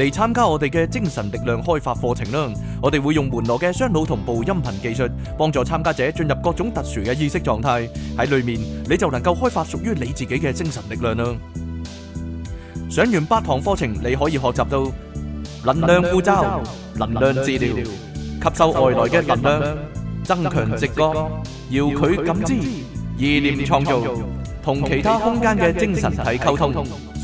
嚟參加我哋嘅精神力量開發課程啦！我哋會用門羅嘅雙腦同步音頻技術，幫助參加者進入各種特殊嘅意識狀態。喺裡面你就能夠開發屬於你自己嘅精神力量啦！上完八堂課程，你可以學習到能量呼召、能量治療、吸收外來嘅能量、增強直覺、遙距感知、意念創造、同其他空間嘅精神體溝通。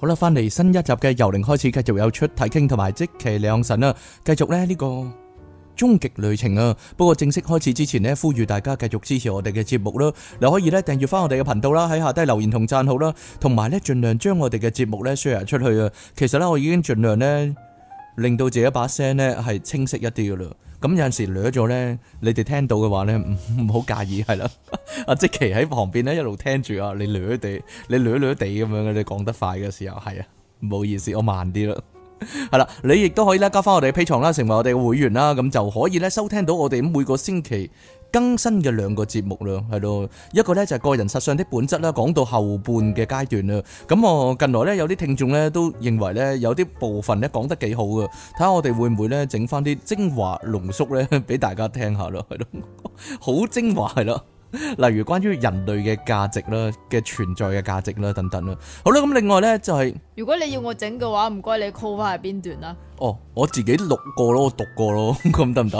好啦，翻嚟新一集嘅《由零開始》，繼續有出睇傾同埋即期兩神啊！繼續呢呢個終極旅程啊！不過正式開始之前呢，呼籲大家繼續支持我哋嘅節目啦！你可以呢訂閱翻我哋嘅頻道啦，喺下低留言同讚好啦，同埋呢盡量將我哋嘅節目呢 share 出去啊！其實呢我已經盡量呢令到自己把聲呢係清晰一啲噶啦。咁、嗯、有陣時掠咗咧，你哋聽到嘅話咧，唔唔好介意，係啦。阿即其喺旁邊咧，一路聽住啊，你捋地，你掠捋地咁樣，你講得快嘅時候係啊，唔好意思，我慢啲啦。係啦，你亦都可以咧交翻我哋嘅 P 床啦，成為我哋嘅會員啦，咁就可以咧收聽到我哋每個星期。更新嘅兩個節目啦，係咯，一個呢就係個人實相的本質啦，講到後半嘅階段啦。咁我近來呢，有啲聽眾呢，都認為呢，有啲部分呢講得幾好嘅，睇下我哋會唔會呢，整翻啲精華濃縮呢，俾大家聽下咯，係咯，好精華，係咯。例如關於人類嘅價值啦，嘅存在嘅價值啦等等啦，好啦，咁另外咧就係、是、如果你要我整嘅話，唔該你 call 翻係邊段啦。哦，我自己錄過咯，我讀過咯，咁得唔得？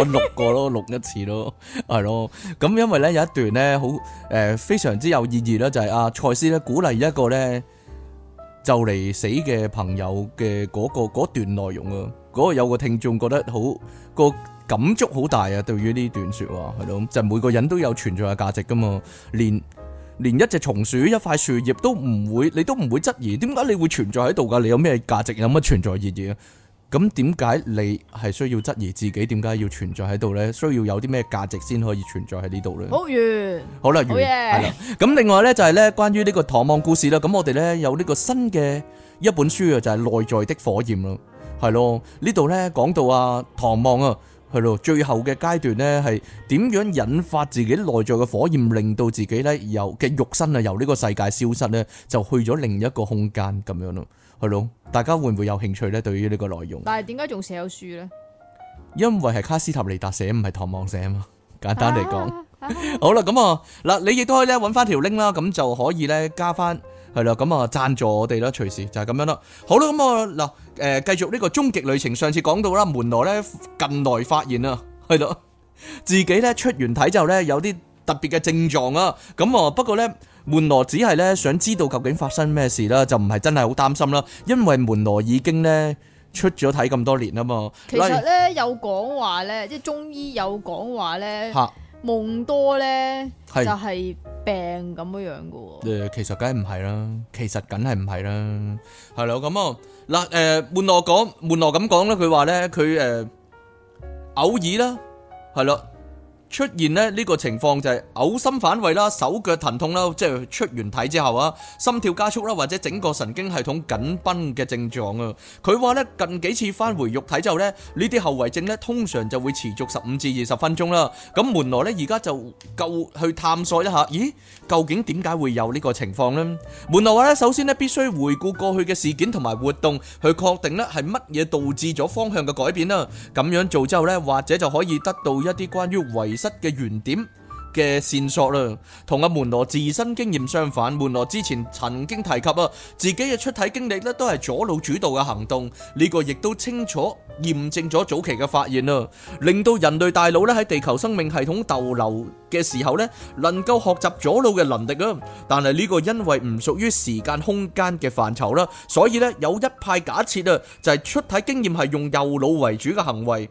我錄過咯，錄一次咯，係咯。咁因為咧有一段咧好誒非常之有意義啦，就係、是、阿、啊、蔡師咧鼓勵一個咧就嚟死嘅朋友嘅嗰、那個段內容啊，嗰、那個有個聽眾覺得好、那個。感觸好大啊！對於呢段說話，係咯，就係每個人都有存在嘅價值噶嘛。連連一隻松鼠、一塊樹葉都唔會，你都唔會質疑，點解你會存在喺度噶？你有咩價值？有乜存在意義啊？咁點解你係需要質疑自己？點解要存在喺度呢？需要有啲咩價值先可以存在喺呢度呢？好完，好啦，完係啦。咁棒另外呢，就係咧關於呢個唐望故事啦。咁我哋呢，有呢個新嘅一本書啊，就係《內在的火焰》啦，係咯。呢度呢講到阿唐望啊。係咯，最後嘅階段呢，係點樣引發自己內在嘅火焰，令到自己咧由嘅肉身啊由呢個世界消失呢？就去咗另一個空間咁樣咯，係咯，大家會唔會有興趣呢？對於呢個內容，但係點解仲寫有書呢？因為係卡斯塔尼達寫唔係唐望寫啊嘛，簡單嚟講，啊啊、 好啦，咁啊嗱，你亦都可以咧揾翻條 link 啦，咁就可以咧加翻。係啦，咁啊贊助我哋啦，隨時就係咁樣啦。好啦，咁啊嗱誒，繼續呢個終極旅程。上次講到啦，門羅咧近來發現啊，係咯，自己咧出完體之後咧有啲特別嘅症狀啊。咁啊，不過咧門羅只係咧想知道究竟發生咩事啦，就唔係真係好擔心啦，因為門羅已經咧出咗體咁多年啊嘛。其實咧有講話咧，即係中醫有講話咧，夢多咧就係。病咁樣嘅喎，誒其實梗係唔係啦，其實梗係唔係啦，係咯。咁啊嗱，誒悶落講悶落咁講咧，佢話咧佢誒偶爾啦，係咯。出現呢呢個情況就係嘔心反胃啦、手腳疼痛啦，即係出完體之後啊，心跳加速啦，或者整個神經系統緊繃嘅症狀啊。佢話呢近幾次返回肉體之後呢，呢啲後遺症呢通常就會持續十五至二十分鐘啦。咁門羅呢而家就夠去探索一下，咦究竟點解會有呢個情況呢？門羅話呢首先呢必須回顧過去嘅事件同埋活動，去確定呢係乜嘢導致咗方向嘅改變啦。咁樣做之後呢，或者就可以得到一啲關於遺失嘅原點嘅線索啦，同阿門羅自身經驗相反。門羅之前曾經提及啊，自己嘅出體經歷呢都係左腦主導嘅行動，呢個亦都清楚驗證咗早期嘅發現啊，令到人類大腦呢喺地球生命系統逗留嘅時候呢，能夠學習左腦嘅能力啊。但係呢個因為唔屬於時間空間嘅範疇啦，所以呢有一派假設啊，就係出體經驗係用右腦為主嘅行為。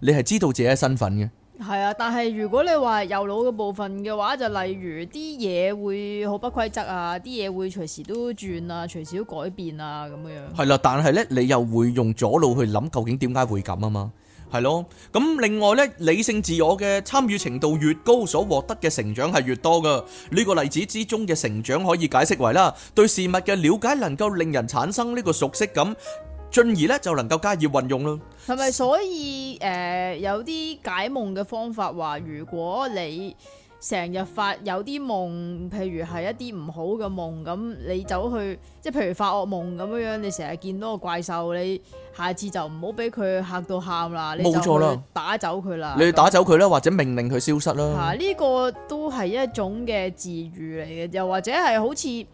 你係知道自己身份嘅，係啊。但係如果你話右腦嘅部分嘅話，就例如啲嘢會好不規則啊，啲嘢會隨時都轉啊，隨時都改變啊，咁樣樣。係啦，但係呢，你又會用左腦去諗究竟點解會咁啊嘛？係咯。咁另外呢，理性自我嘅參與程度越高，所獲得嘅成長係越多噶。呢個例子之中嘅成長可以解釋為啦，對事物嘅了解能夠令人產生呢個熟悉感。進而咧就能夠加以運用咯。係咪？所以誒、呃、有啲解夢嘅方法話，如果你成日發有啲夢，譬如係一啲唔好嘅夢，咁你走去即係譬如發惡夢咁樣樣，你成日見到個怪獸，你下次就唔好俾佢吓到喊啦，你就去打走佢啦。樣你打走佢啦，或者命令佢消失啦。啊，呢、這個都係一種嘅治愈嚟嘅，又或者係好似。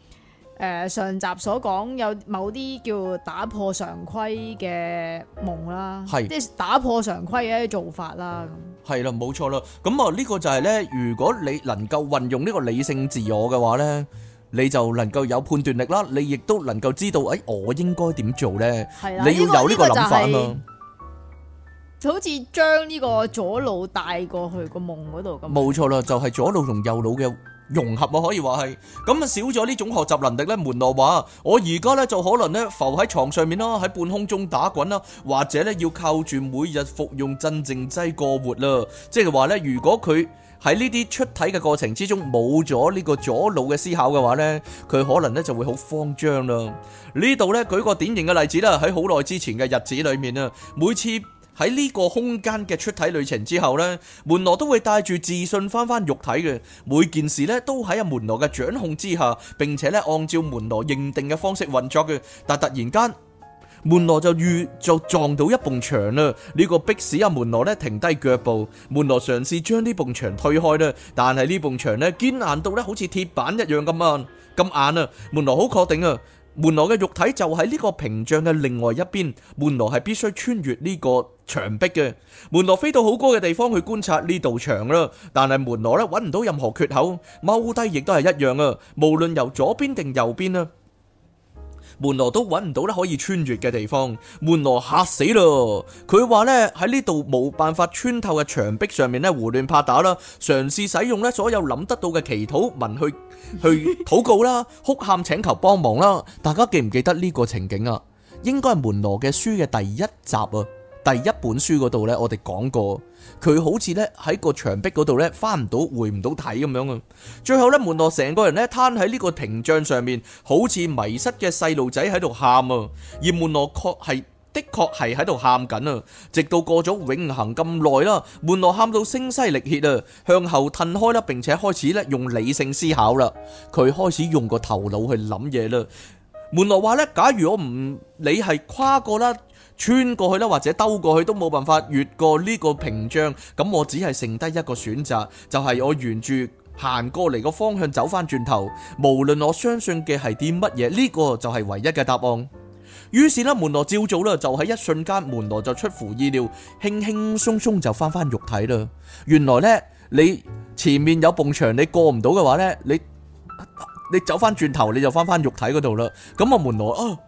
誒，上集所講有某啲叫打破常規嘅夢啦，即係打破常規嘅一啲做法啦。係啦，冇錯啦。咁啊，呢個就係咧，如果你能夠運用呢個理性自我嘅話咧，你就能夠有判斷力啦。你亦都能夠知道誒，我應該點做咧？係啦，你要有呢個諗法啊嘛，呢個就係好似將呢個左腦帶過去個夢嗰度咁。冇錯啦，就係左腦同右腦嘅。融合啊，可以話係咁啊，少咗呢種學習能力咧，門羅話我而家咧就可能咧浮喺床上面咯，喺半空中打滾啦，或者咧要靠住每日服用鎮靜劑過活啦。即係話咧，如果佢喺呢啲出體嘅過程之中冇咗呢個左腦嘅思考嘅話咧，佢可能咧就會好慌張啦。呢度咧舉個典型嘅例子啦，喺好耐之前嘅日子裏面啊，每次。喺呢個空間嘅出體旅程之後咧，門羅都會帶住自信翻翻肉體嘅，每件事咧都喺阿門羅嘅掌控之下，並且咧按照門羅認定嘅方式運作嘅。但係突然間，門羅就遇就撞到一埲牆啦，呢個逼使阿門羅咧停低腳步。門羅嘗試將呢埲牆推開啦，但係呢埲牆咧堅硬到咧好似鐵板一樣咁硬咁硬啊！門羅好確定啊！門羅嘅肉體就喺呢個屏障嘅另外一邊，門羅係必須穿越呢個牆壁嘅。門羅飛到好高嘅地方去觀察呢道牆啦，但係門羅揾唔到任何缺口，踎低亦都係一樣啊！無論由左邊定右邊啊！門羅都揾唔到咧可以穿越嘅地方，門羅嚇死咯！佢話呢喺呢度冇辦法穿透嘅牆壁上面咧胡亂拍打啦，嘗試使用咧所有諗得到嘅祈禱文去去禱告啦，哭喊請求幫忙啦！大家記唔記得呢個情景啊？應該係門羅嘅書嘅第一集啊！第一本書嗰度呢，我哋講過，佢好似呢喺個牆壁嗰度呢，翻唔到回唔到體咁樣啊。最後呢，門羅成個人呢，攤喺呢個屏障上面，好似迷失嘅細路仔喺度喊啊！而門羅確係的確係喺度喊緊啊，直到過咗永恆咁耐啦，門羅喊到聲嘶力竭啊，向後褪開啦，並且開始咧用理性思考啦，佢開始用個頭腦去諗嘢啦。門羅話呢，假如我唔你係跨過啦。穿過去啦，或者兜過去都冇辦法越過呢個屏障，咁我只係剩低一個選擇，就係我沿住行過嚟個方向走翻轉頭。無論我相信嘅係啲乜嘢，呢個就係唯一嘅答案。於是咧，門羅照做咧，就喺一瞬間，門羅就出乎意料，輕輕鬆鬆就翻翻肉體啦。原來呢，你前面有埲牆，你過唔到嘅話呢，你你走翻轉頭，你就翻翻肉體嗰度啦。咁啊，門羅啊。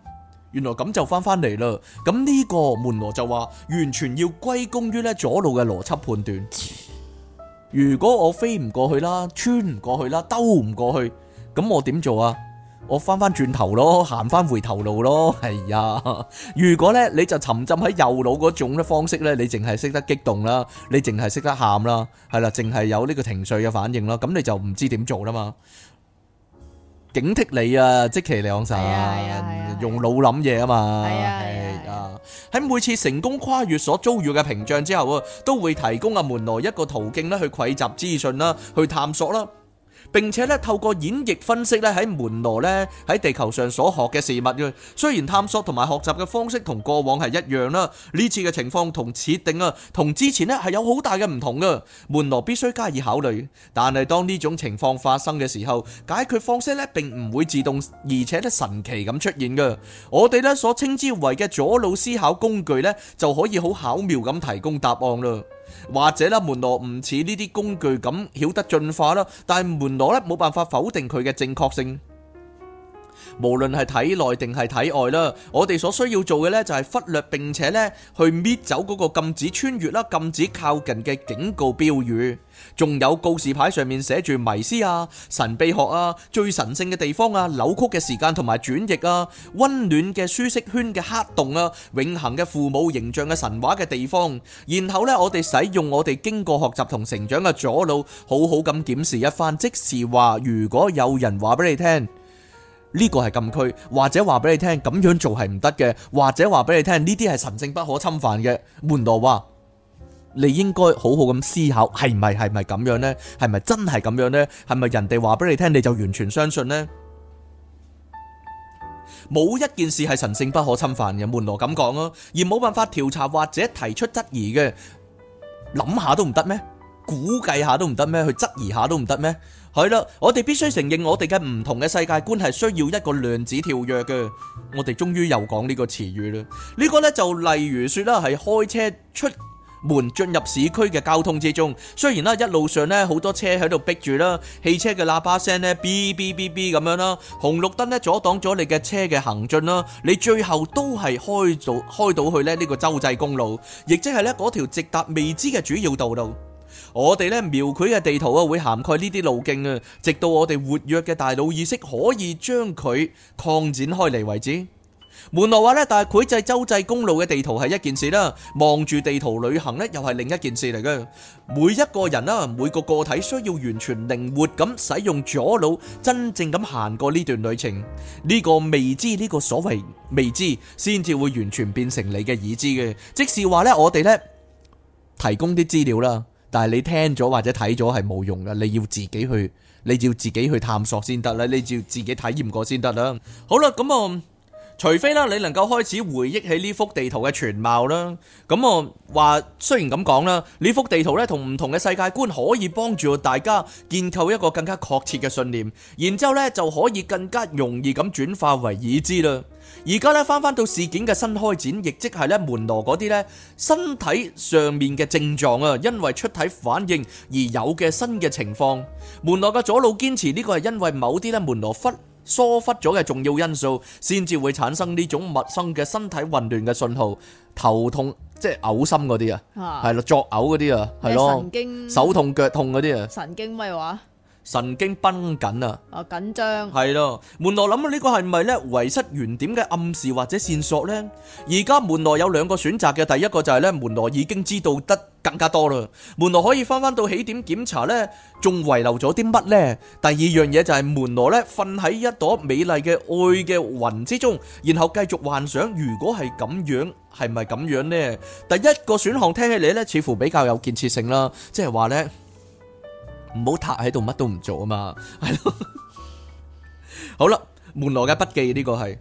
原來咁就翻翻嚟啦，咁呢個門羅就話完全要歸功於呢左腦嘅邏輯判斷。如果我飛唔過去啦，穿唔過去啦，兜唔過去，咁我點做啊？我翻翻轉頭咯，行翻回頭路咯，係呀。如果呢你就沉浸喺右腦嗰種嘅方式呢，你淨係識得激動啦，你淨係識得喊啦，係啦，淨係有呢個情緒嘅反應啦，咁你就唔知點做啦嘛。警惕你啊！即其嚟講晒，啊啊啊、用腦諗嘢啊嘛。喺、啊啊啊、每次成功跨越所遭遇嘅屏障之後啊，都會提供啊門內一個途徑啦，去蒐集資訊啦，去探索啦。並且咧透過演繹分析咧喺門羅咧喺地球上所學嘅事物嘅，雖然探索同埋學習嘅方式同過往係一樣啦，呢次嘅情況同設定啊，同之前咧係有好大嘅唔同嘅，門羅必須加以考慮。但係當呢種情況發生嘅時候，解決方式咧並唔會自動，而且咧神奇咁出現嘅。我哋咧所稱之為嘅左腦思考工具咧就可以好巧妙咁提供答案啦。或者啦，門羅唔似呢啲工具咁曉得進化啦，但係門羅呢冇辦法否定佢嘅正確性。無論係體內定係體外啦，我哋所需要做嘅呢，就係忽略並且呢，去搣走嗰個禁止穿越啦、禁止靠近嘅警告標語，仲有告示牌上面寫住迷思啊、神秘學啊、最神聖嘅地方啊、扭曲嘅時間同埋轉譯啊、溫暖嘅舒適圈嘅黑洞啊、永恆嘅父母形象嘅神話嘅地方。然後呢，我哋使用我哋經過學習同成長嘅左腦，好好咁檢視一番。即係話，如果有人話俾你聽。呢個係禁區，或者話俾你聽，咁樣做係唔得嘅；或者話俾你聽，呢啲係神聖不可侵犯嘅。門羅話：你應該好好咁思考，係唔係係唔係咁樣呢？係咪真係咁樣呢？係咪人哋話俾你聽，你就完全相信呢？冇一件事係神聖不可侵犯嘅。門羅咁講咯，而冇辦法調查或者提出質疑嘅，諗下都唔得咩？估計下都唔得咩？去質疑下都唔得咩？係啦，我哋必須承認，我哋嘅唔同嘅世界觀係需要一個量子跳躍嘅。我哋終於又講呢個詞語啦。呢個呢，就例如說啦，係開車出門進入市區嘅交通之中，雖然啦，一路上呢，好多車喺度逼住啦，汽車嘅喇叭聲呢，嗶嗶嗶嗶咁樣啦，紅綠燈呢，阻擋咗你嘅車嘅行進啦，你最後都係開到開到去呢呢個州際公路，亦即係呢嗰條直達未知嘅主要道路。我哋呢描繪嘅地圖啊，會涵蓋呢啲路徑啊，直到我哋活躍嘅大腦意識可以將佢擴展開嚟為止。門諾話呢，但係繪製州際公路嘅地圖係一件事啦，望住地圖旅行呢又係另一件事嚟嘅。每一個人啦，每個個體需要完全靈活咁使用左腦，真正咁行過呢段旅程。呢個未知，呢個所謂未知，先至會完全變成你嘅已知嘅。即是話呢，我哋呢提供啲資料啦。但係你聽咗或者睇咗係冇用㗎，你要自己去，你要自己去探索先得啦，你要自己體驗過先得啦。好啦，咁我。除非啦，你能夠開始回憶起呢幅地圖嘅全貌啦。咁我話，雖然咁講啦，呢幅地圖咧同唔同嘅世界觀可以幫助大家建構一個更加確切嘅信念，然之後咧就可以更加容易咁轉化為已知啦。而家咧翻翻到事件嘅新開展，亦即係咧門羅嗰啲咧身體上面嘅症狀啊，因為出體反應而有嘅新嘅情況。門羅嘅左腦堅持呢個係因為某啲咧門羅忽。疏忽咗嘅重要因素，先至會產生呢種陌生嘅身體混亂嘅信號，頭痛即係嘔心嗰啲啊，係啦，作嘔嗰啲啊，係咯，神經，手痛腳痛嗰啲啊，神經咩話？神經繃緊啊！哦、啊，緊張係咯，門羅諗呢個係咪呢咧遺失原點嘅暗示或者綫索呢？而家門羅有兩個選擇嘅，第一個就係呢門羅已經知道得更加多啦，門羅可以翻翻到起點檢查呢，仲遺留咗啲乜呢？第二樣嘢就係門羅呢瞓喺一朵美麗嘅愛嘅雲之中，然後繼續幻想，如果係咁樣，係咪咁樣呢？第一個選項聽起嚟呢，似乎比較有建設性啦，即係話呢。唔好塌喺度，乜都唔做啊嘛，係咯。好啦，門羅嘅筆記呢、這個係，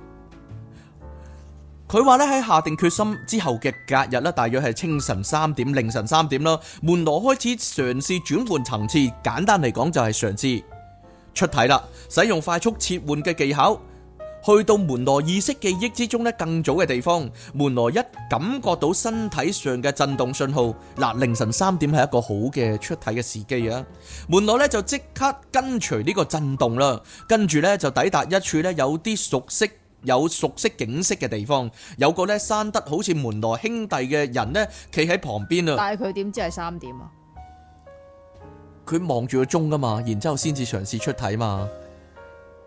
佢話咧喺下定決心之後嘅隔日咧，大約係清晨三點、凌晨三點啦。門羅開始嘗試轉換層次，簡單嚟講就係嘗試出體啦，使用快速切換嘅技巧。去到門羅意識記憶之中咧，更早嘅地方，門羅一感覺到身體上嘅震動信號，嗱，凌晨三點係一個好嘅出體嘅時機啊！門羅咧就即刻跟隨呢個震動啦，跟住咧就抵達一處咧有啲熟悉，有熟悉景色嘅地方，有個咧生得好似門羅兄弟嘅人咧，企喺旁邊啊！但係佢點知係三點啊？佢望住個鐘噶嘛，然之後先至嘗試出體嘛。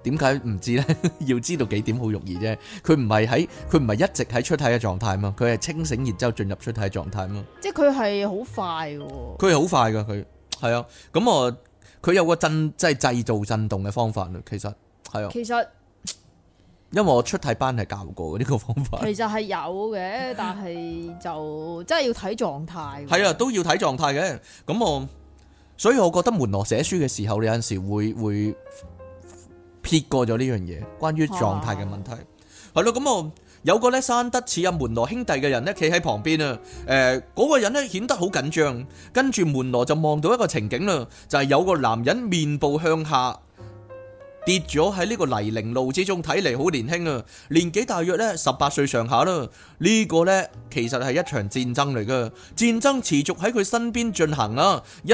點解唔知呢？ 要知道幾點好容易啫。佢唔係喺，佢唔係一直喺出體嘅狀態嘛。佢係清醒，然之後進入出體嘅狀態嘛。即係佢係好快嘅，哦。佢係好快嘅。佢係啊。咁啊，佢有個震，即係製造震動嘅方法咯。其實係啊。其實，啊、其實因為我出體班係教過呢、這個方法。其實係有嘅，但係就真係要睇狀態。係 啊，都要睇狀態嘅。咁我，所以我覺得門羅寫書嘅時候，你有陣時會會。會撇過咗呢樣嘢，關於狀態嘅問題，係咯。咁啊、 嗯我，有個咧生得似阿門羅兄弟嘅人咧，企喺旁邊啊，誒嗰、那個人咧顯得好緊張，跟住門羅就望到一個情景啦，就係、是、有個男人面部向下跌咗喺呢個泥濘路之中，睇嚟好年輕啊，年紀大約咧十八歲上下啦，這個、呢個咧其實係一場戰爭嚟㗎，戰爭持續喺佢身邊進行啊，一。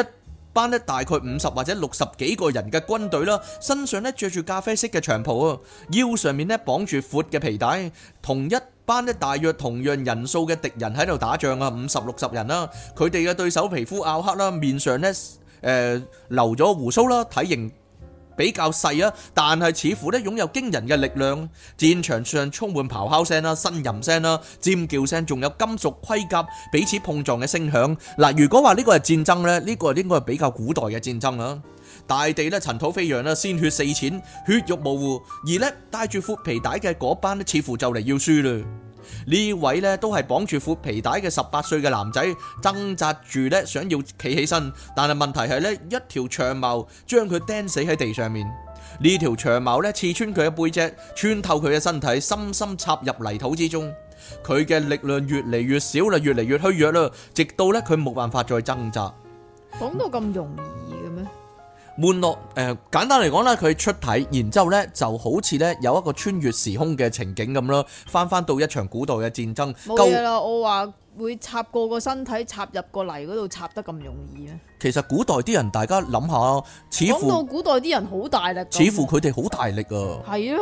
班呢大概五十或者六十幾個人嘅軍隊啦，身上呢着住咖啡色嘅長袍啊，腰上面呢綁住闊嘅皮帶，同一班呢大約同樣人數嘅敵人喺度打仗啊，五十六十人啦，佢哋嘅對手皮膚黝黑啦，面上呢誒留咗鬍鬚啦，體型。比較細啊，但係似乎咧擁有驚人嘅力量。戰場上充滿咆哮聲啦、呻吟聲啦、尖叫聲，仲有金屬盔甲彼此碰撞嘅聲響。嗱，如果話呢個係戰爭呢，呢個應該係比較古代嘅戰爭啦。大地咧塵土飛揚啦，鮮血四濺，血肉模糊。而呢，帶住闊皮帶嘅嗰班似乎就嚟要輸啦。位呢位咧都係綁住副皮帶嘅十八歲嘅男仔，掙扎住咧想要企起身，但係問題係咧一條長矛將佢釘死喺地上面。呢條長矛咧刺穿佢嘅背脊，穿透佢嘅身體，深深插入泥土之中。佢嘅力量越嚟越少啦，越嚟越虛弱啦，直到咧佢冇辦法再掙扎。講到咁容易嘅咩？悶落，誒，簡單嚟講咧，佢出體，然之後咧就好似咧有一個穿越時空嘅情景咁咯，翻翻到一場古代嘅戰爭。冇嘢啦，就我話會插過個身體插入個泥嗰度插得咁容易咩？其實古代啲人，大家諗下，似乎講到古代啲人好大力。似乎佢哋好大力啊。係啊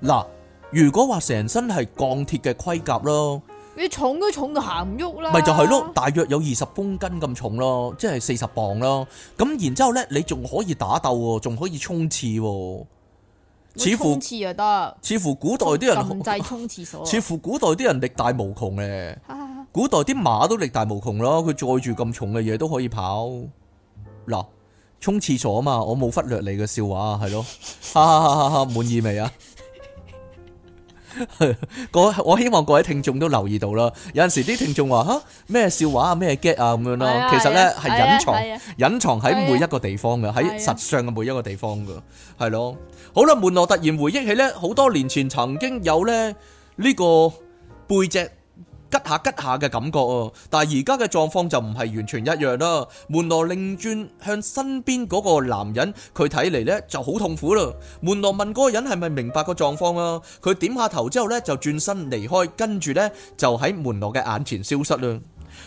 的。嗱，如果話成身係鋼鐵嘅盔甲咯。你重都重到行唔喐啦，咪就係咯，大約有二十公斤咁重咯，即係四十磅咯。咁然之後呢，你仲可以打鬥喎，仲可以衝刺喎。似乎，似乎古代啲人控制沖廁所。似乎古代啲人力大無窮嘅，古代啲馬都力大無窮咯。佢載住咁重嘅嘢，都可以跑。嗱，沖廁所嘛，我冇忽略，你嘅笑話係咯，哈哈哈哈！滿意未啊？我 我希望各位聽眾都留意到啦，有陣時啲聽眾話吓咩笑話啊咩 get 啊咁樣咯，其實咧係隱藏隱藏喺每一個地方嘅，喺實相嘅每一個地方嘅，係咯。好啦，門羅突然回憶起咧，好多年前曾經有咧呢個背脊。吉下吉下嘅感覺啊，但係而家嘅狀況就唔係完全一樣啦。門羅擰轉向身邊嗰個男人，佢睇嚟呢就好痛苦咯。門羅問嗰個人係咪明白個狀況啊？佢點下頭之後呢，就轉身離開，跟住呢，就喺門羅嘅眼前消失啦。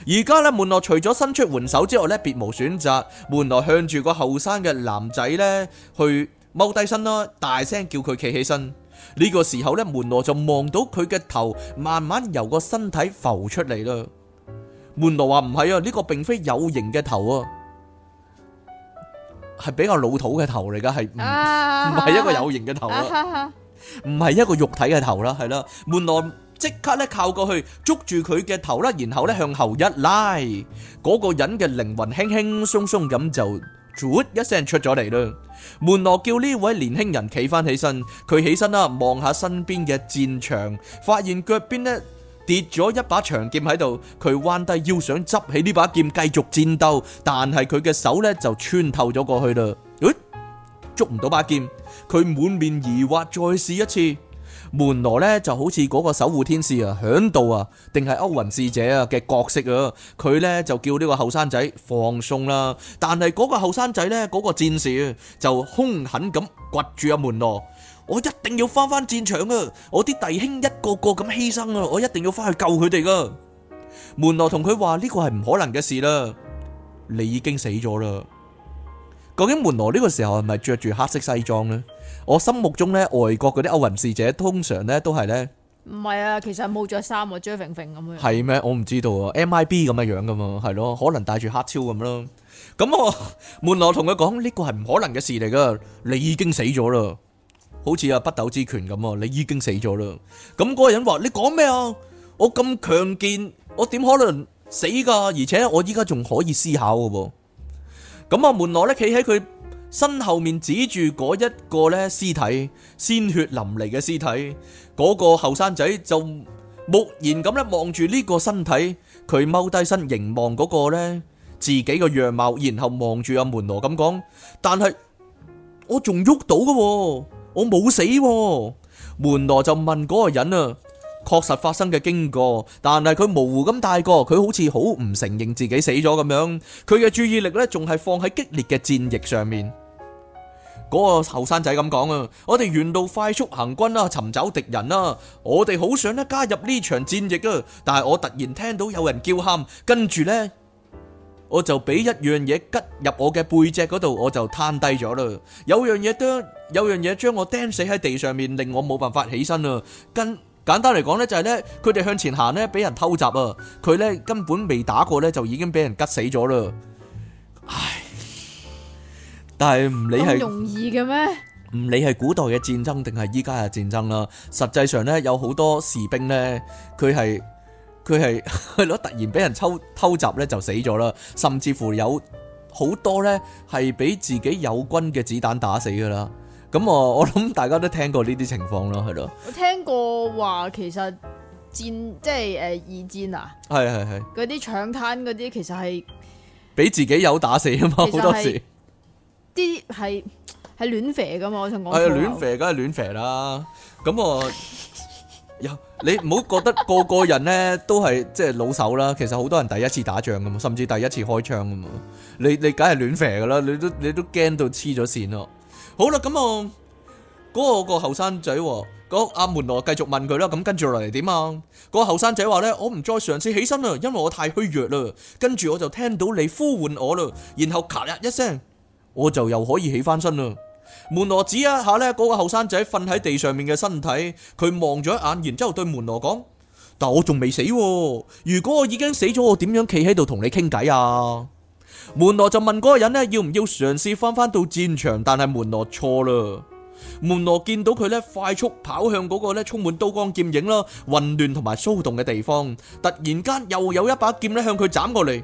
而家呢，門羅除咗伸出援手之外呢，別無選擇。門羅向住個後生嘅男仔呢，去踎低身啦，大聲叫佢企起身。呢個時候咧，門羅就望到佢嘅頭慢慢由個身體浮出嚟啦。門羅話唔係啊，呢、這個並非有形嘅頭啊，係比較老土嘅頭嚟㗎，係唔係一個有形嘅頭？唔係、啊啊啊、一個肉體嘅頭啦，係啦。門羅即刻咧靠過去捉住佢嘅頭啦，然後咧向後一拉，嗰、那個人嘅靈魂輕輕松鬆咁就啜一聲出咗嚟啦。門羅叫呢位年輕人企翻起身，佢起身啦，望下身邊嘅戰場，發現腳邊呢跌咗一把長劍喺度，佢彎低腰想執起呢把劍繼續戰鬥，但係佢嘅手呢就穿透咗過去啦，誒、哎，捉唔到把劍，佢滿面疑惑，再試一次。門羅呢就好似嗰個守護天使啊，響度啊，定係歐雲使者啊嘅角色啊，佢呢就叫呢個後生仔放鬆啦。但係嗰個後生仔呢，嗰個戰士啊，就凶狠咁掘住阿門羅，我一定要翻翻戰場啊！我啲弟兄一個個咁犧牲啊，我一定要翻去救佢哋噶。門羅同佢話，呢個係唔可能嘅事啦，你已經死咗啦。究竟門羅呢個時候係咪着住黑色西裝呢？我心目中咧，外國嗰啲奧運使者通常咧都係咧，唔係啊，其實冇着衫啊，javelin 咁樣，係咩？我唔知道啊，MIB 咁樣樣噶嘛，係咯，可能帶住黑超咁咯。咁我門羅同佢講呢個係唔可能嘅事嚟噶，你已經死咗啦，好似啊北斗之拳咁啊，你已經死咗啦。咁嗰個人話：你講咩啊？我咁強健，我點可能死噶？而且我依家仲可以思考噶噃。咁我門羅咧企喺佢。身後面指住嗰一個咧屍體，鮮血淋漓嘅屍體，嗰、那個後生仔就木然咁咧望住呢個身體，佢踎低身凝望嗰個咧自己嘅樣貌，然後望住阿門羅咁講，但係我仲喐到嘅，我冇死、啊。門羅就問嗰個人啊，確實發生嘅經過，但係佢模糊咁帶過，佢好似好唔承認自己死咗咁樣，佢嘅注意力咧仲係放喺激烈嘅戰役上面。嗰個後生仔咁講啊，我哋沿路快速行軍啊，尋找敵人啊。我哋好想咧加入呢場戰役啊，但係我突然聽到有人叫喊，跟住咧我就俾一樣嘢拮入我嘅背脊嗰度，我就攤低咗啦。有樣嘢都，有樣嘢將我釘死喺地上面，令我冇辦法起身啊。跟簡單嚟講咧，就係咧，佢哋向前行咧，俾人偷襲啊。佢咧根本未打過咧，就已經俾人拮死咗啦。唉。但係唔理係好容易嘅咩？唔理係古代嘅戰爭定係依家嘅戰爭啦，實際上咧有好多士兵咧，佢係佢係去咯， 突然俾人抽偷襲咧就死咗啦，甚至乎有好多咧係俾自己友軍嘅子彈打死噶啦。咁啊，我諗大家都聽過呢啲情況啦，係咯。我聽過話其實戰即係誒二戰啊，係係係嗰啲搶灘嗰啲，其實係俾自己友打死啊嘛，好多時。啲係係亂射噶嘛？我想講係亂射，梗係亂射啦。咁我又你唔好覺得個個人咧都係即係老手啦。其實好多人第一次打仗噶嘛，甚至第一次開槍噶嘛。你你梗係亂射噶啦，你都你都驚到黐咗線咯。好啦，咁我嗰個個後生仔個阿門羅繼續問佢啦。咁跟住落嚟點啊？嗰個後生仔話咧，我唔再嘗試起身啦，因為我太虛弱啦。跟住我就聽到你呼喚我啦，然後咔啦一聲。我就又可以起翻身咯！門羅指一下呢嗰個後生仔瞓喺地上面嘅身體，佢望咗一眼，然之後對門羅講：但我仲未死喎，如果我已經死咗，我點樣企喺度同你傾偈啊？門羅就問嗰個人呢，要唔要嘗試翻返到戰場？但係門羅錯啦，門羅見到佢呢，快速跑向嗰個呢，充滿刀光劍影啦、混亂同埋騷動嘅地方，突然間又有一把劍呢，向佢斬過嚟。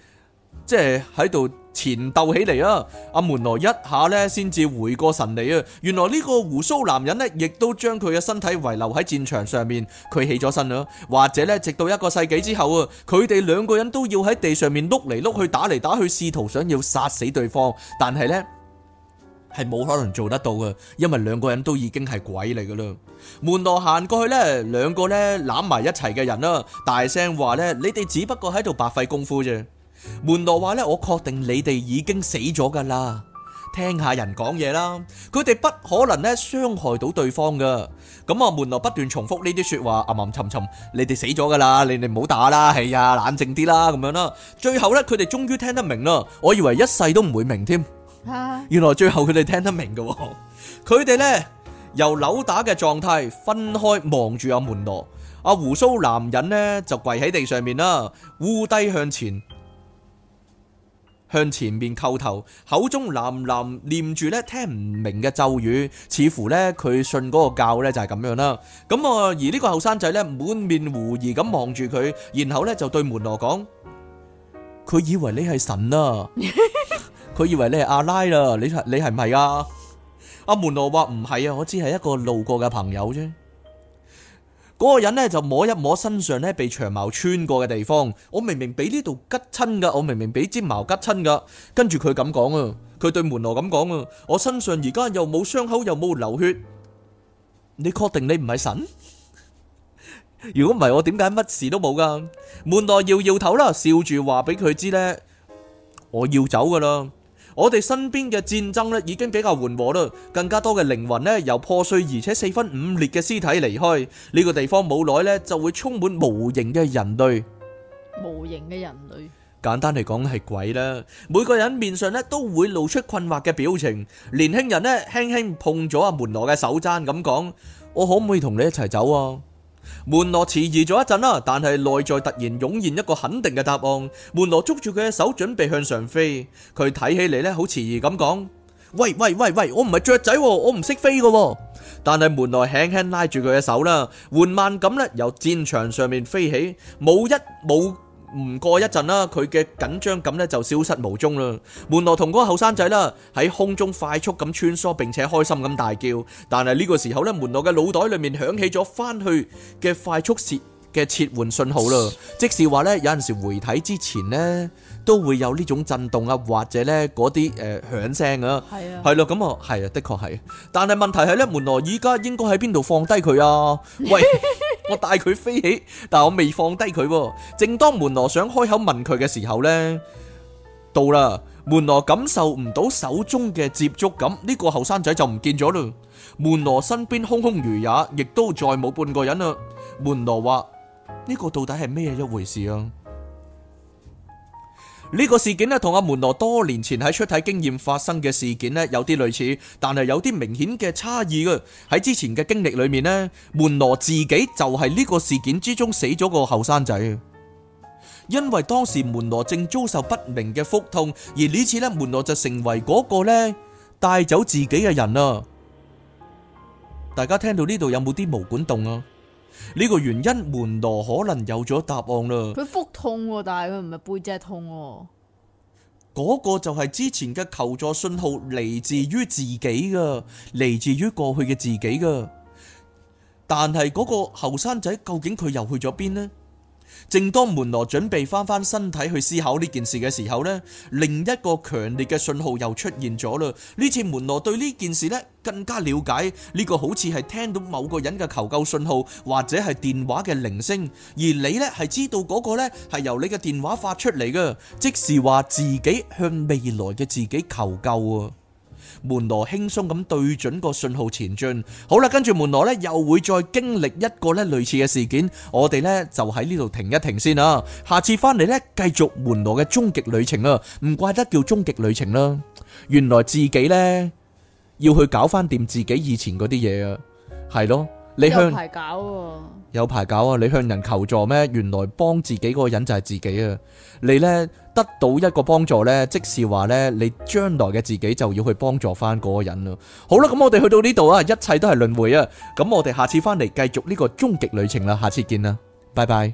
即係喺度纏鬥起嚟啊！阿、啊、門羅一下咧，先至回過神嚟啊。原來呢個鬍鬚男人呢，亦都將佢嘅身體遺留喺戰場上面。佢起咗身啊，或者咧，直到一個世紀之後啊，佢哋兩個人都要喺地上面碌嚟碌去，打嚟打去，試圖想要殺死對方，但係呢，係冇可能做得到噶，因為兩個人都已經係鬼嚟噶啦。門羅行過去呢，兩個咧攬埋一齊嘅人啦、啊，大聲話咧：你哋只不過喺度白費功夫啫。門羅話咧，我確定你哋已經死咗噶啦，聽下人講嘢啦，佢哋不可能咧傷害到對方噶。咁啊，門羅不斷重複呢啲說話，暗、啊、吟沉沉，你哋死咗噶啦，你哋唔好打啦，係啊，冷靜啲啦，咁樣啦。最後咧，佢哋終於聽得明啦，我以為一世都唔會明添，原來最後佢哋聽得明噶。佢哋咧由扭打嘅狀態分開，望住阿門羅，阿鬍鬚男人呢，就跪喺地上面啦，烏低向前。.向前面叩頭，口中喃喃念住咧聽唔明嘅咒語，似乎咧佢信嗰個教咧就係咁樣啦。咁啊，而呢個後生仔咧滿面狐疑咁望住佢，然後咧就對門羅講：佢以為你係神啊，佢以為你係阿拉啦，你係你係唔係啊？阿門羅話唔係啊，我只係一個路過嘅朋友啫。嗰個人呢就摸一摸身上呢被長矛穿過嘅地方，我明明俾呢度拮親噶，我明明俾尖矛拮親噶。跟住佢咁講啊，佢對門羅咁講啊，我身上而家又冇傷口，又冇流血，你確定你唔係神？如果唔係，我點解乜事都冇噶？門羅搖搖頭啦，笑住話俾佢知呢，我要走噶啦。我哋身邊嘅戰爭咧已經比較緩和啦，更加多嘅靈魂咧由破碎而且四分五裂嘅屍體離開呢個地方，冇耐呢，就會充滿無形嘅人類。無形嘅人類？簡單嚟講係鬼啦。每個人面上咧都會露出困惑嘅表情。年輕人咧輕輕碰咗阿門羅嘅手踭，咁講：我可唔可以同你一齊走啊？門羅遲疑咗一陣啦，但係內在突然湧現一個肯定嘅答案。門羅捉住佢嘅手，準備向上飛。佢睇起嚟咧，好遲疑咁講：喂喂喂喂，我唔係雀仔，我唔識飛㗎。但係門羅輕輕拉住佢嘅手啦，緩慢咁咧，由戰場上面飛起，冇一冇。唔過一陣啦，佢嘅緊張感咧就消失無蹤啦。門羅同嗰個後生仔啦喺空中快速咁穿梭，並且開心咁大叫。但係呢個時候咧，門羅嘅腦袋裏面響起咗翻去嘅快速切嘅切換信號啦。噓即使話咧，有陣時回睇之前呢，都會有呢種震動啊，或者咧嗰啲誒響聲啊。係啊。係咯，咁啊，係啊，的確係。但係問題係咧，門羅依家應該喺邊度放低佢啊？喂！ 我帶佢飛起，但我未放低佢。正當門羅想開口問佢嘅時候呢，到啦，門羅感受唔到手中嘅接觸感，呢個後生仔就唔見咗啦。門羅身邊空空如也，亦都再冇半個人啦。門羅話：呢個到底係咩一回事啊？呢個事件呢，同阿門羅多年前喺出體經驗發生嘅事件呢，有啲類似，但係有啲明顯嘅差異嘅。喺之前嘅經歷裏面呢，門羅自己就係呢個事件之中死咗個後生仔，因為當時門羅正遭受不明嘅腹痛，而呢次咧門羅就成為嗰個呢帶走自己嘅人啦。大家聽到呢度有冇啲毛管動啊？呢個原因門羅可能有咗答案啦。佢腹痛喎，但係佢唔係背脊痛喎。嗰個就係之前嘅求助信號嚟自於自己噶，嚟自於過去嘅自己噶。但係嗰個後生仔究竟佢又去咗邊呢？正當門羅準備返返身體去思考呢件事嘅時候，呢另一個強烈嘅信號又出現咗啦。呢次門羅對呢件事呢更加了解。呢個好似係聽到某個人嘅求救信號，或者係電話嘅鈴聲。而你呢係知道嗰個呢係由你嘅電話發出嚟嘅，即是話自己向未來嘅自己求救啊。門羅輕鬆咁對準個信號前進，好啦，跟住門羅呢又會再經歷一個呢類似嘅事件，我哋呢就喺呢度停一停先啦，下次翻嚟呢，繼續門羅嘅終極旅程啦，唔怪得叫終極旅程啦，原來自己呢要去搞翻掂自己以前嗰啲嘢啊，係咯。你向有排搞啊！你向人求助咩？原來幫自己嗰個人就係自己啊！你呢，得到一個幫助呢，即是話呢，你將來嘅自己就要去幫助翻嗰個人咯。好啦，咁我哋去到呢度啊，一切都係輪迴啊！咁我哋下次翻嚟繼續呢個終極旅程啦，下次見啦，拜拜。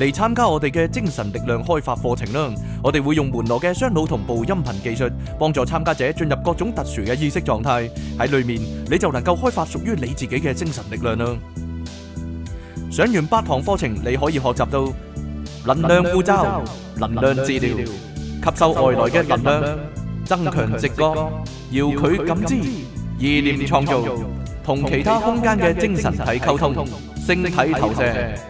嚟參加我哋嘅精神力量開發課程啦！我哋會用門羅嘅雙腦同步音頻技術，幫助參加者進入各種特殊嘅意識狀態。喺裏面你就能夠開發屬於你自己嘅精神力量啦！上完八堂課程，你可以學習到能量護罩、能量治療、吸收外來嘅能量、增強直覺、遙距感知、意念創造、同其他空間嘅精神體溝通、星體投射。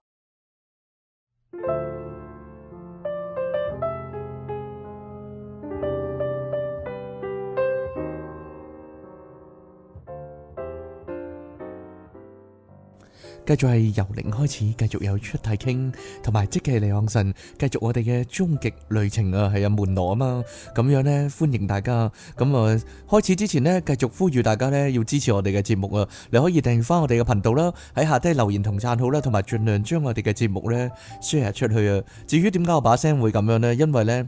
繼續係由零開始，繼續有出題傾，同埋即其李漢晨，繼續我哋嘅終極旅程啊，係有門羅啊嘛，咁樣呢，歡迎大家。咁啊，開始之前呢，繼續呼籲大家呢，要支持我哋嘅節目啊，你可以訂閱翻我哋嘅頻道啦、啊，喺下低留言同贊好啦、啊，同埋盡量將我哋嘅節目呢 share 出去啊。至於點解我把聲會咁樣呢？因為呢，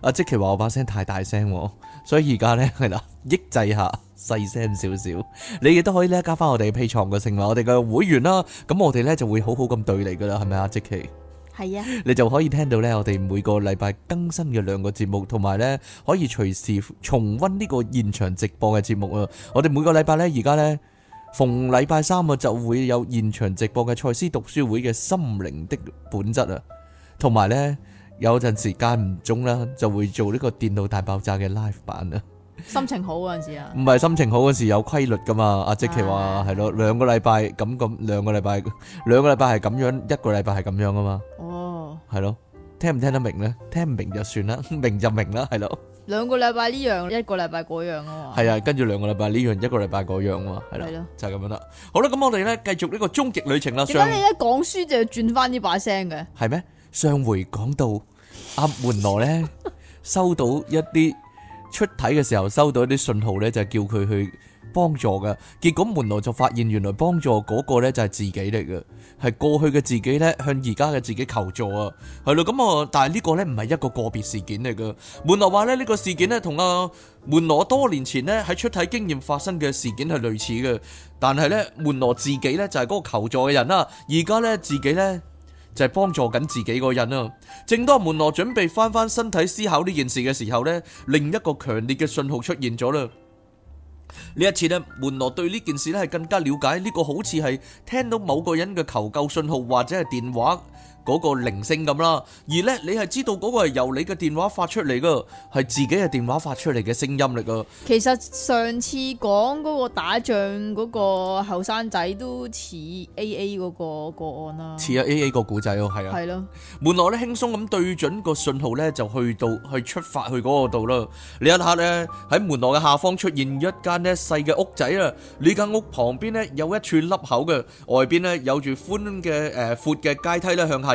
阿即其話我把聲太大聲喎。所以而家呢，係啦，抑制下細聲少少，你亦都可以呢，加翻我哋嘅 paywall 嘅成員，我哋嘅會員啦。咁我哋呢，就會好好咁對你噶啦，係咪啊？即琪，係啊，你就可以聽到呢，我哋每個禮拜更新嘅兩個節目，同埋呢，可以隨時重溫呢個現場直播嘅節目啊！我哋每個禮拜呢，而家呢，逢禮拜三啊就會有現場直播嘅賽斯讀書會嘅《心靈的本質》啊，同埋呢。有陣時間唔中啦，就會做呢個《電腦大爆炸》嘅 live 版啦。心情好嗰陣時啊，唔係心情好嗰時有規律噶嘛。阿積奇話係咯，兩個禮拜咁咁，兩個禮拜兩個禮拜係咁樣，一個禮拜係咁樣噶嘛。哦，係咯，聽唔聽得明咧？聽唔明就算啦，明就明啦，係咯。兩個禮拜呢樣，一個禮拜嗰樣啊嘛。係啊，跟住兩個禮拜呢樣，一個禮拜嗰樣啊嘛，係咯。係咯，就係咁樣啦。好啦，咁我哋咧繼續呢個終極旅程啦。點解你一講書就要轉翻呢把聲嘅？係咩？上回講到。阿、啊、門羅咧收到一啲出體嘅時候收到一啲信號咧，就是，叫佢去幫助嘅。結果門羅就發現原來幫助嗰個咧就係、是，自己嚟嘅，係過去嘅自己咧向而家嘅自己求助啊。係咯，咁啊，但係呢個咧唔係一個個別事件嚟嘅。門羅話咧呢、這個事件咧同阿門羅多年前咧喺出體經驗發生嘅事件係類似嘅，但係咧門羅自己咧就係、是，嗰個求助嘅人啦。而家咧自己咧。就係幫助緊自己個人啊。正當門羅準備翻翻身體思考呢件事嘅時候呢，另一個強烈嘅信號出現咗啦。呢一次咧，門羅對呢件事咧係更加了解。呢個好似係聽到某個人嘅求救信號或者係電話。嗰個鈴聲咁啦，而咧你係知道嗰個係由你嘅電話發出嚟噶係自己嘅電話發出嚟嘅聲音嚟噶其實上次講嗰個打仗嗰個後生仔都似 A A 嗰個個案啦，似啊 A A 個故仔哦，係啊，係咯。門內咧輕鬆咁對準個信號咧就去到去出發去嗰個度啦。呢一刻咧喺門內嘅下方出現一間咧細嘅屋仔啦，呢間屋旁邊咧有一串凹口嘅外邊咧有住寬嘅誒闊嘅階梯咧向下。